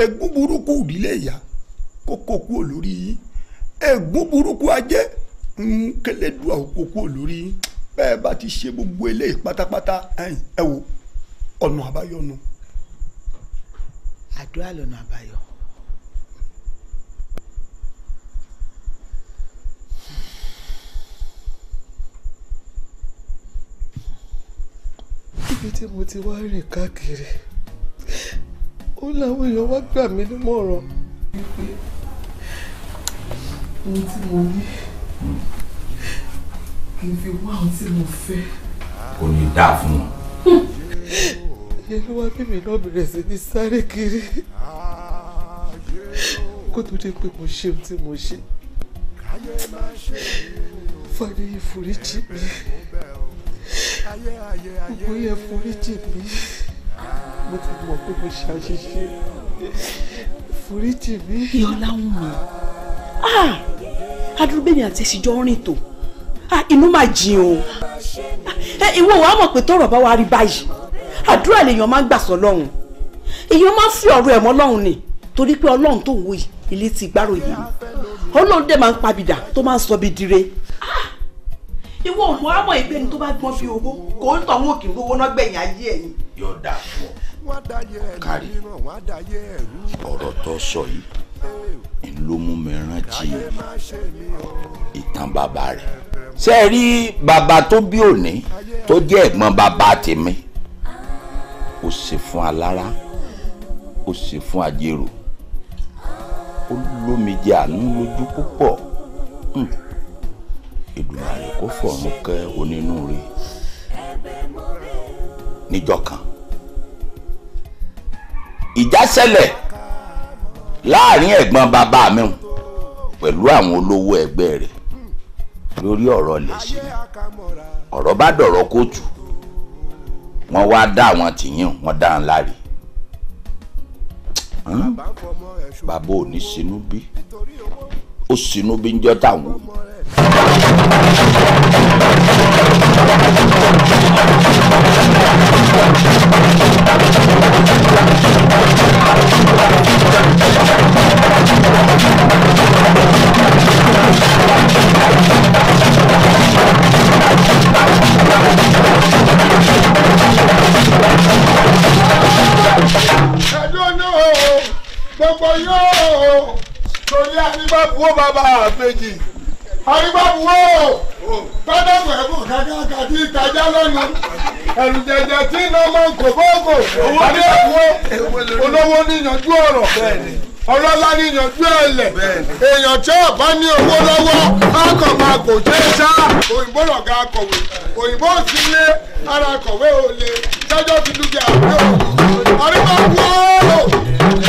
ègún burúkú ìdílé ìyá kó kó kú olórí yín ègún burúkú ajé ń mm, kélédùá kó kú olórí yín bẹ́ẹ̀ bá ti ṣe gbogbo eléyìí pátápátá ẹ wo ọ̀nà àbáyọ nu. àdúrà lọ́nà àbáyọ. ibi tí mo ti wá rìn káàkiri ó láwọn èèyàn wá gbà mí nímọ̀ràn wípé ohun tí mo ní kí n fi wá ohun tí mo fẹ́. kò ní dáa fún wọn. ìyẹn ló wá bíbí náà bẹ̀rẹ̀ sí ní sáré kiri kó tó dé pé mo ṣe ohun tí mo ṣe. fàdéyìn foríjì mi gbogbo yẹ foríjì mi mo ti mọ̀ pé mo ṣàṣìṣe foríjì ah! mi. ìyọláhùn mi adúrúbẹ̀mí àti ẹ̀sìnjọ́ rìn tó ah, inú máa jìn o ah, eh, ìwọ wàá mọ̀ pé tọ́rọ̀ bá wa rí báyìí àdúrà lèèyàn máa ń gbà sọ lọ́hùn èèyàn máa ń fi ọ̀rọ̀ ẹ̀ mọ́ lọ́hùn ni torí pé ọlọ́run tó ń wo ilé ti gbárò yìí ọlọ́run dẹ̀ máa ń pabidà tó máa ń sọ bí dire ìwọ ò mọ àmọ́ ìgbẹ́ni tó bá gbọ́n bí owó kò ń tọ̀ wọn kì í rówó náà gbẹ̀yìn ayé ẹ̀yìn. yóò dà fún ọ kárí ọ̀rọ̀ tó sọ yìí ń ló mú mi rántí ìtàn bàbá rẹ̀ ṣé ẹ rí bàbá tó bí òní tó jẹ́ ẹ̀gbọ́n bàbá tèmi ó ṣe fún alára ó ṣe fún ajérò ó lómi jẹ àánú lójú púpọ̀. Hmm. Èdùmàrè kó fọ̀run kẹ́ onínúure níjọ́ kan ìjà láàrin ẹ̀gbọ́n bàbá mi pẹ̀lú àwọn olówó ẹgbẹ́ rẹ̀ lórí ọ̀rọ̀ lẹ̀sí ni ọ̀rọ̀ bá dọ̀rọ̀ kóòtù wọ́n wá dá àwọn tìyín wọ́n dá ń láre bàbá ò ní sínú bí ó sinú bí ń jọ táwọn. Gbogbo yóò torí anígbàbùwò bàbá àbèjì anígbàbùwò tọ́dọ̀gbọ̀ ẹ̀bùn kàkàkà tí ìtajà lọ́nu ẹ̀rù tí iná máa ń kòkóòkò anígbàbùwò olówó níyanjú ọ̀rọ̀ ọlọ́lá níyanjú ẹ̀lẹ̀ èèyàn tí ọ̀bá ní owó lọ́wọ́ akọ̀ kò ṣe sá òyìnbó lọ̀gá akọ̀wé òyìnbó sílé ara kọ̀wé òle sẹ́jọ́ ti dúkìá àbẹ́ òyìnbó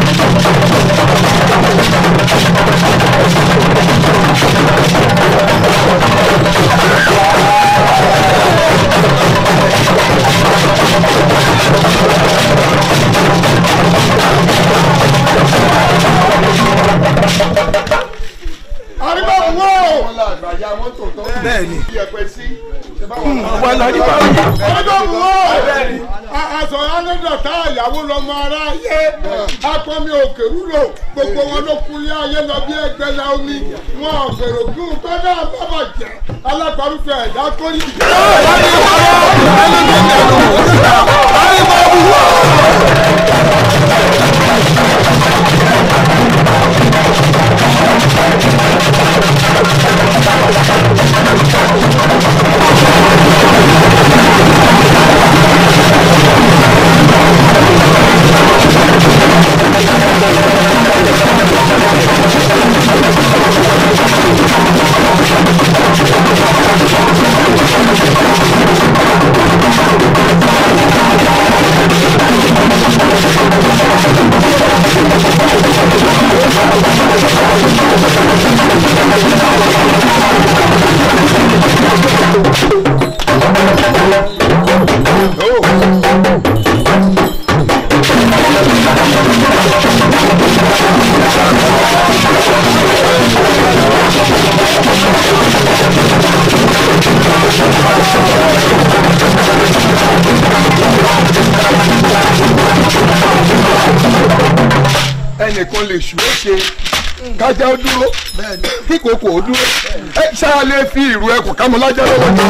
fẹ́ fi ìrù ẹkùn kámọ́ lájà lọ́wọ́ ní.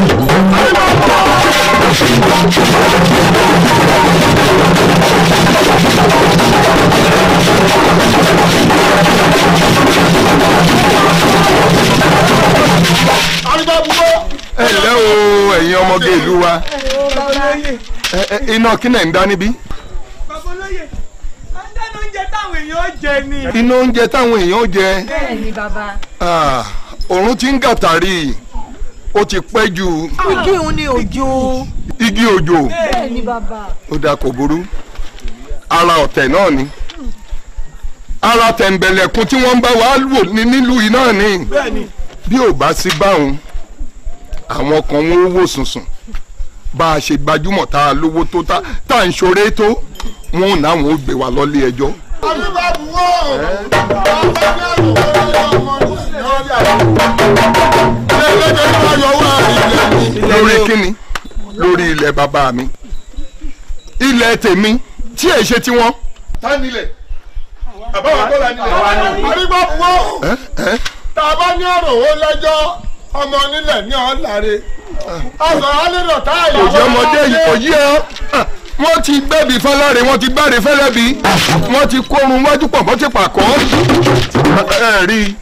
ẹ lẹ́ o ẹ̀yin ọmọge ìlú wa iná kí náà ń dá níbí. bàbá oúnjẹ táwọn èèyàn jẹ ni. iná oúnjẹ táwọn èèyàn ó jẹ. bẹ́ẹ̀ ni bàbá. Ah òrùn ti ń gàtàrí ó ti pẹ́ jù. igi òun ni òjò. igi òjò. bẹ́ẹ̀ ni bàbá. ó dáa kò burú ara ọ̀tẹ̀ náà ni ara tẹ̀m̀bẹ̀lẹ̀kun tí wọ́n bá wa lò ní nílùú yìí ni bí ò bá sí báwọn àwọn kan wọn ó wò sùnsùn bá a ṣe gbajúmọ̀ tá a lówó tó tá a ń ṣoré tó wọn ò náà ó gbé wa lọ lé ẹjọ́. àbí bá a bù wọ́ọ̀ bá a lórí àwọn ilé ẹlẹ́jọ́ tí wọ́n yọ owó àárín ilẹ̀ mi. lórí kíni lórí ilẹ̀ bàbá mi ilẹ̀ tèmi tí èyí ṣe tiwọn. tánilẹ̀ ni tó la ni àrígbọ́ fún ọ́ tá a bá ní ọ̀rọ̀ owó lẹ́jọ́ ọmọ nílẹ̀ ní ọ̀làre ọ̀sọ̀ alẹ́dọ̀ tá a yà wọ́n. òjò ọmọdé yìí kò yí ọ wọ́n ti gbẹ́bí fọlọ́rin wọ́n ti gbáre fẹ́lẹ́bí wọ́n ti kórun wájú pọ̀ mọ́tì pàkọ́ ẹ̀ rí i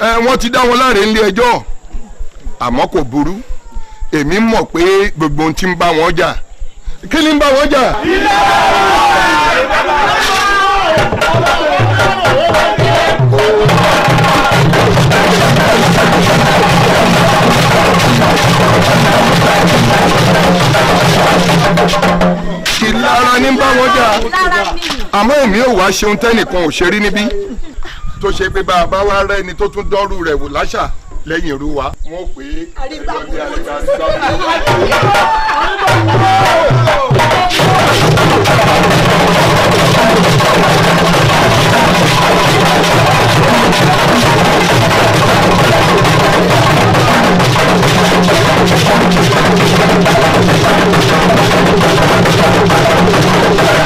ẹ wọ́n ti dá wọn láre nílé ẹjọ́ àmọ́ kò burú èmi mọ̀ pé gbogbo ohun tí ń bá wọn jà kí ni ń bá wọn jà. ìlara ní bá wọn jà àmọ́ èmi ò wá ṣeun tẹ́nìkan ò ṣe rí níbí tó ṣe pé bàbá wa rẹ ni tó tún dọ́rù rẹ̀ wò láṣà lẹ́yìn irú wa. mo pè é àrígbàgbọ́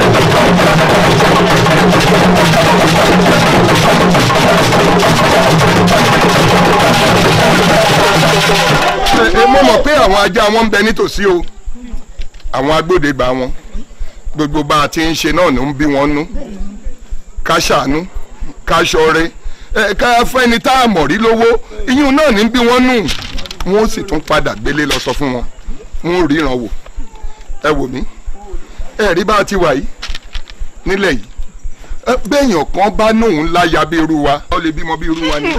Thank mo mọ̀ pé àwọn ajá wọn ń bẹ nítòsí o àwọn agbódebà wọn gbogbo bá a ti ń ṣe náà ló ń bí wọn nú ká ṣàánú ká ṣọrẹ ká fẹ́ni tá a mọ̀ rí lówó iyún náà ní bí wọ́n nù wọ́n sì tún padà gbélé lọ sọ fún wọn wọ́n ríran wò ẹ wò mí ẹ rí bá a ti wà yìí nílẹ̀ yìí bẹ́ẹ̀yàn kan bá nóun láya bí irú wa ó lè bímọ bí irú wa ni.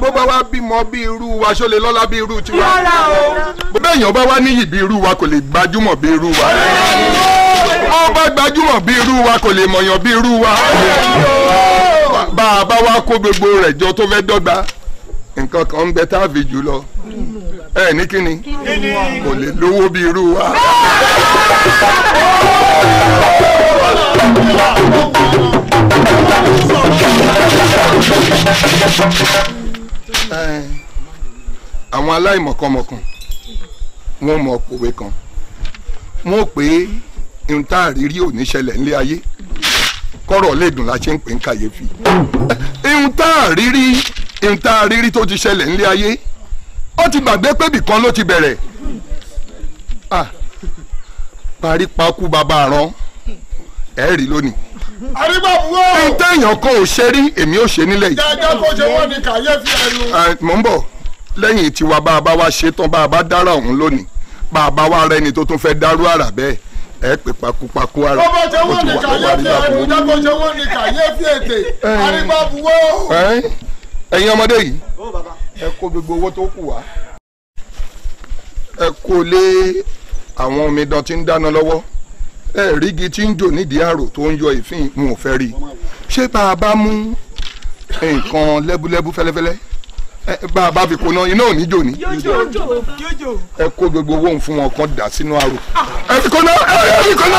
bó bá wá bímọ bí irú wa ṣó lè lọ́lá bí irú tiwa. bó bẹ́ẹ̀yàn bá wá níyì bí irú wa kò lè gbajúmọ̀ bí irú wa. ó bá gbajúmọ̀ bí irú wa kò lè mọ̀yàn bí irú wa. bá a bá wá kó gbogbo rẹ̀ jọ tó fẹ́ dọ́gba nǹkan kan ń bẹ tá a ẹ ní kíni kò lè lówó bí irú wa àwọn aláìmọ̀kànmọ̀kàn wọ́n mọ̀ òwe kan wọ́n pé ohun tá a rí rí ò ní ṣẹlẹ̀ nílé ayé kọ́rọ̀ lè dùn la ṣe ń pè ń kàyéfì ohun tá a rí rí ohun tá a rí rí tó ti ṣẹlẹ̀ nílé ayé ó ti gbàgbé pébì kan ló ti bẹ̀rẹ̀ ah parípaku bàbá àrán ẹ rí lónìí. àrígbàbúwò. ní téèyàn kan ò ṣe rí èmi ò ṣe nílẹ̀ yìí. dáadáa kó ṣe wọ́n ní kàyéfì ẹnu. mò ń bọ̀ lẹ́yìn tiwa bá a bá wa ṣe tán bá a bá dára òun lónìí bá a bá wa rẹ ẹni tó tún fẹ́ dárú àrà bẹ́ẹ̀ ẹ pè pakupaku ara ó ti wà lọ́wọ́ àrígbàbúwò. dáadáa kó ṣe wọ́n ní kàyéfì ètè àrígbàbúwò. ẹ̀yin ọmọdé yìí ẹ kó gbogbo owó tó kù wá ẹ kó lé àwọn omidan tí ń dáná lọ́wọ́ ẹ rígi tí ń jò nídìí àrò tó ń yọ ìfín mo fẹ́ rí i ṣé bá a bá mú nǹkan lẹ́búlẹ́bú fẹ́lẹ́fẹ́lẹ́ Eh, bá a bá fi koná iná ò ní jò ní. ẹ kó gbogbo owó fún wọn kan dà sínú àrò. ẹ fi koná ẹ fi koná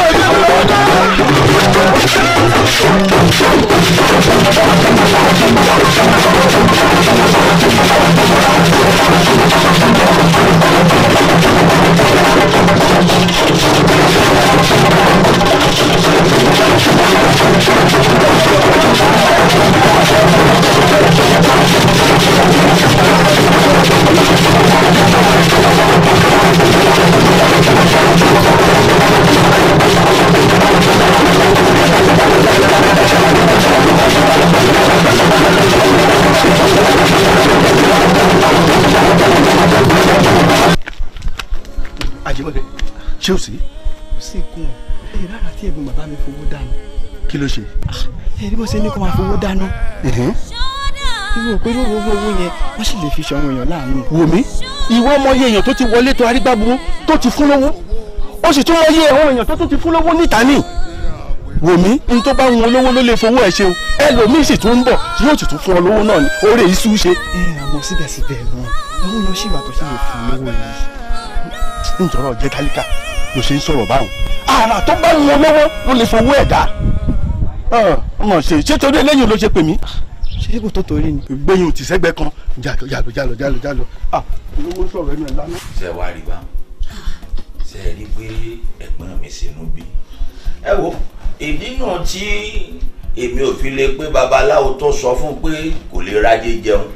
Thank you ṣé o sí. kò sí ikun ẹ rárá tí ẹ̀gbọ́n bàbá mi fowó dànù. kí ló ṣe. Ah, ẹ rí bó ṣe ní kó máa fowó dànù irú òpé irú owó owó yẹn wọ́n sì lè fi ṣe àwọn èèyàn láàánú. wò mí ìwọ ọmọye èèyàn tó ti wọlé tó arígbáburú tó ti fún lówó ó sì tún mọye àwọn èèyàn tó tún ti fún lówó níta ní. wò mí n tó bá wọn lówó ló lè fowó ẹ ṣe o ẹlòmíì sì tún ń bọ̀ yóò sì tún fún ọ lówó náà ni oore yìí sùn ṣe. ẹ àmọ́ síbẹ̀síbẹ̀ náà owó lọ ṣì wà tó ṣe lè fún lówó yìí. nítorí ọjẹ kálíkà ló ṣe ń sọ̀rọ̀ báwọn àrà tó bá wọn lówó ló lè fowó ẹ dá. ọmọ ṣe ṣé torí eléyìí ló ṣe pè mí irú tó torí ni. gbẹ̀yìn òtí sẹ́gbẹ́ kan jalo jalo jalo jalo jalo ah olówó sọ̀rọ̀ ẹnu ẹ̀ lánàá. ṣe wá rí bá ṣe rí pé ẹ̀gbọ́n mi sínú bí. ẹ wo ìdí náà tí èmi ò fi lè pé babaláwo tó sọ fún pé kò lè ráyé jẹun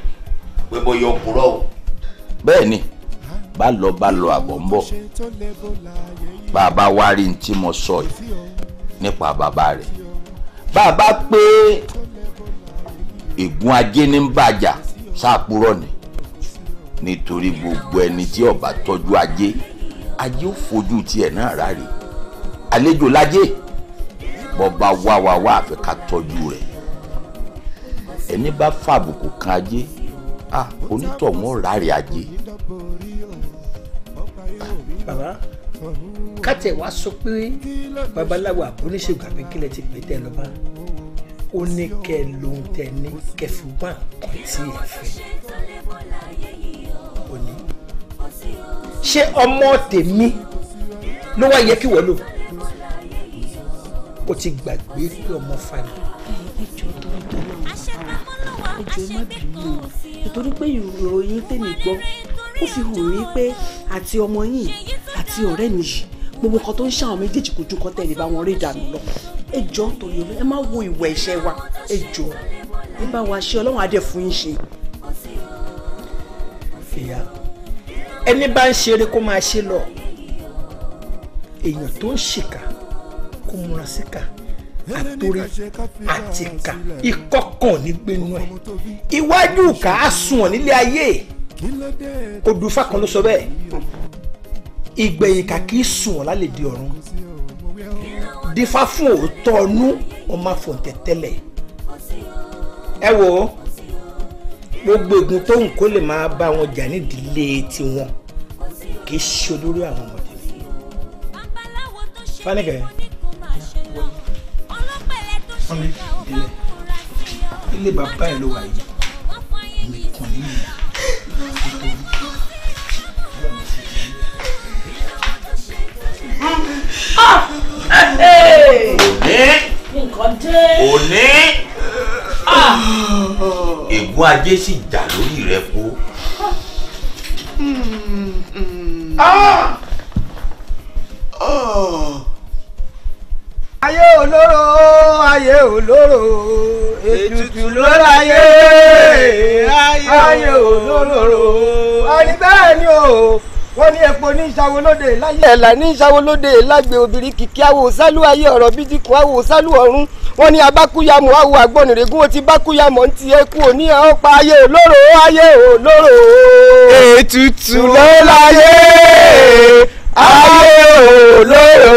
pé bóyá òkúrọ̀ o. bẹ́ẹ̀ ni bá lọ bá lọ àbọ̀ ń bọ̀ bá a bá wá rí ní tí mo sọ yìí nípa bàbá rẹ̀ bá a bá pé ègún ajé ní bàjà sáàpúrọ̀ ni nítorí gbogbo ẹni tí ọba tọ́jú ajé ajé ò fojú tiẹ̀ náà ráre àlejò lájé bọba wá wá wá àfi ká tọ́jú rẹ̀ ẹni bá fàbùkù kan ajé ah onítọ̀hún ráre ajé. bàbá kátẹ̀ wá sọ pé babaláwo àbúrò ṣègùn àbíkílẹ̀ ti pè tẹ́ lọ́ba ó ní kẹ́ lóun tẹ̀ ní kẹfùbá kan tí ẹ fẹ́ ó ní ṣé ọmọ tèmi ló wá yẹ kí wọ́n lò ó ti gbàgbé pé ọmọ fani. ẹjọ́ má bínú o nítorí pé ìròyìn tèmi gbọ́ ó fi hàn mí pé àti ọmọ yìí àti ọ̀rẹ́ mi yìí gbogbo kan tó ń ṣàwọn méjèèjì kojú kan tẹ̀lé bá wọn rí ìdànù lọ ẹ jọ ń torí olú ẹ má wo ìwà ẹ̀ṣẹ̀ wa ẹ jọ ẹ bá wa ṣe ọlọ́run adé fún yín ṣe. ìyá ẹni bá ń ṣeré kó máa ṣe lọ èèyàn tó ń ṣìkà kó múra síkà àtòrí àtìkà ìkọkàn nígbẹnu ẹ iwájú ìkà á sùn ọ nílé ayé odùfà kan ló sọ bẹ́ẹ̀ ìgbẹ̀yìnkà kì í sùn ọ lálẹ́ di ọ̀run dífá fún òótọ́ ọnú ọmọ àfọ̀ǹtẹ̀ tẹ́lẹ̀ ẹ wo gbogbo ègún tó ń kó lè máa bá wọn jà nídìílé tiwọn kì í ṣe olórí àwọn ọmọdé mi fánikẹ́ ilé bàbá ẹ̀ ló wà yìí. òní òní ah! ègún ajé sì jà lórí rẹ po. Ah! Ah! ayé olóró ayé olóró ètùtù lóráyé ayé olóró ayé bẹ́ẹ̀ ni o wọ́n ní epo ní ìṣàwó lóde láyé ẹ̀là ní ìṣàwó lóde lágbè obìnrin kìkì àwò sálú ayé ọ̀rọ̀ bíi dikùn àwò sálú ọ̀run wọ́n ní abákúyàmù àwò àgbọ̀nìrègún ó ti ń ti eku òní ọ̀pá ayé olóró ayé olóró. ètùtù ló láyé ayé olóró.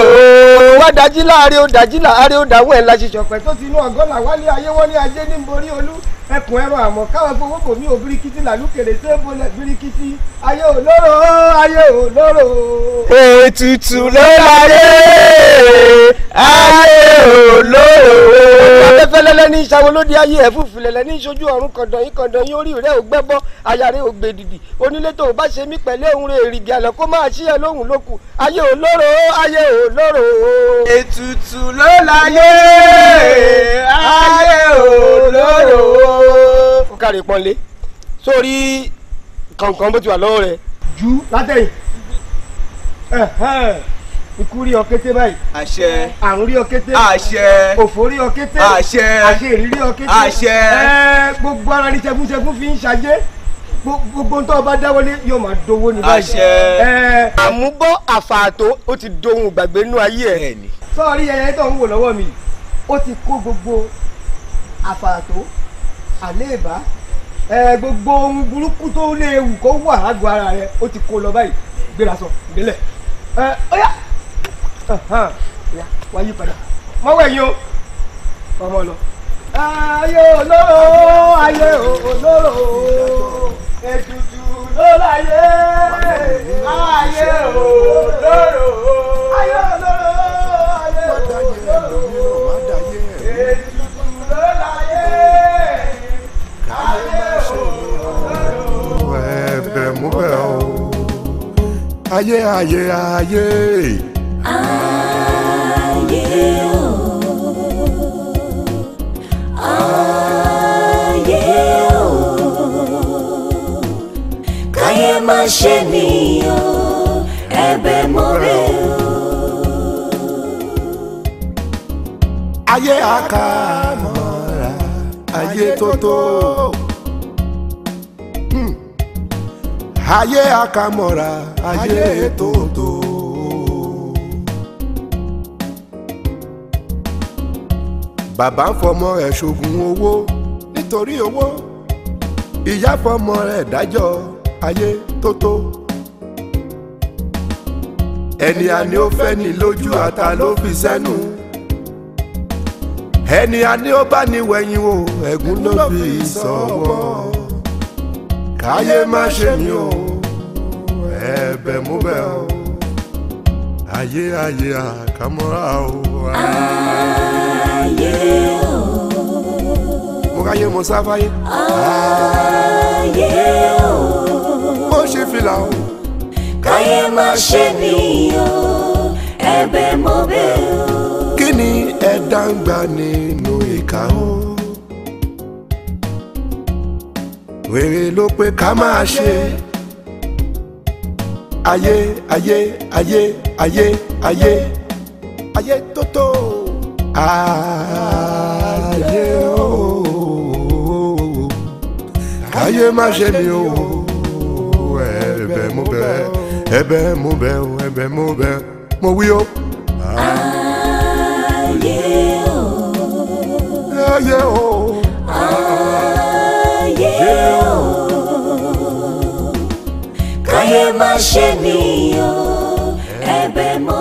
wá dájí láàrin ó dájí láàrin ó dáwọn ẹ̀ la ṣiṣọ̀pẹ̀ tó ti inú ọgọ́là wálé ayé wọ́n ní ajé ní ẹkùn ẹrọ àmọ́ káwọn gbowó kò mí ò birikiti làlùkèrè ṣé bọlẹ birikiti ayé olóró ayé olóró. ètùtù ló láyé ayé olóró. afẹ́fẹ́lẹ́lẹ́ ní ìṣàwọn olóde ayé ẹ̀fúfilẹ̀lẹ́ ní ìṣojú ọ̀run kọ̀dọ̀ yín kọ̀dọ̀ yín orí rẹ̀ ò gbẹ́bọ́ àyà rẹ̀ ò gbèdìdì onílé tó o bá ṣe mí pẹ̀lú òun rẹ̀ èrìgì àlọ́ kó máa ṣí lóhùn lókù ayé olóró ayé olóró. ètùtù ló láyé ayé olóró ó kárí pọ́nlé sórí kọ̀ǹkọ̀ǹ bó ti wà lọ́wọ́ rẹ̀. ju látẹ̀yìn ikú rí ọkété báyìí. àṣẹ. àrùn rí ọkété. àṣẹ. òfò rí ọkété. àṣẹ. àṣẹ ìrírí ọkété. àṣẹ. ẹ gbogbo ara ní ṣẹgúnṣẹgún fi ń ṣajé gbogbo tó o bá dáwọlé yóò máa dowó ní báyìí. àṣẹ. àmúbọ́ àfààtò ó ti dohun ìgbàgbé nínú ayé ẹ̀. sọ́ọ̀rí yẹyẹ tó ń wò lọ́wọ́ mi ó ti kó gbogbo àfààtò àléèbá ẹ gbogbo ohun burúkú tó léwu kó wà lágbo ara rẹ ó ti kó lọ báyìí gbéra sọ gbélẹ̀ ẹ ọyá wá yí padà mọ́wọ́ ẹ̀yin o ọmọ lọ. ayé olóró ayé olóró ètùtù ló láyé ayé olóró ayé olóró ayé olóró Well, o ayé ayé ayé. oh, o oh. o ma má ṣe nìyó ẹ̀bẹ̀ mọ́rẹ́ o. ayé àkàmọ́ra ayé tó ayé àkàmọ́ra ayé ètòtò. bàbá ń fọmọ ẹ̀ ṣoògùn owó nítorí owó ìyá fọmọ rẹ̀ dájọ́ ayé tó tó. ẹni àní ó fẹ́ ni lójú àtà ló fi sẹ́nu ẹni àní ó bá ní wẹ̀yìn o ẹ̀gún ló fi sọ̀wọ́. So káyé má ṣe mí o ẹ̀bẹ̀ mú bẹ̀ o aye aye, àkàmúra o. Aye o. mo kaye mo sáfáyé. Aye o. mo ṣe fìlà o. Kaye má ṣe mí o ẹ̀bẹ̀ mú bẹ̀ o. kí ni ẹ̀dá ń gbà nínú ìka o. wèrè ló pé ká máa ṣe. ayé ayé ayé ayé ayé ayé tó tó. ayé ooo ayé má ṣe mi ooo ẹ̀bẹ̀ mo bẹ̀ ẹ̀bẹ̀ mo bẹ̀ ẹ̀bẹ̀ mo bẹ̀ mo wí o. ayé ooo ayé ooo. ayé má ṣe nìyó ẹ̀bẹ̀ mọ́.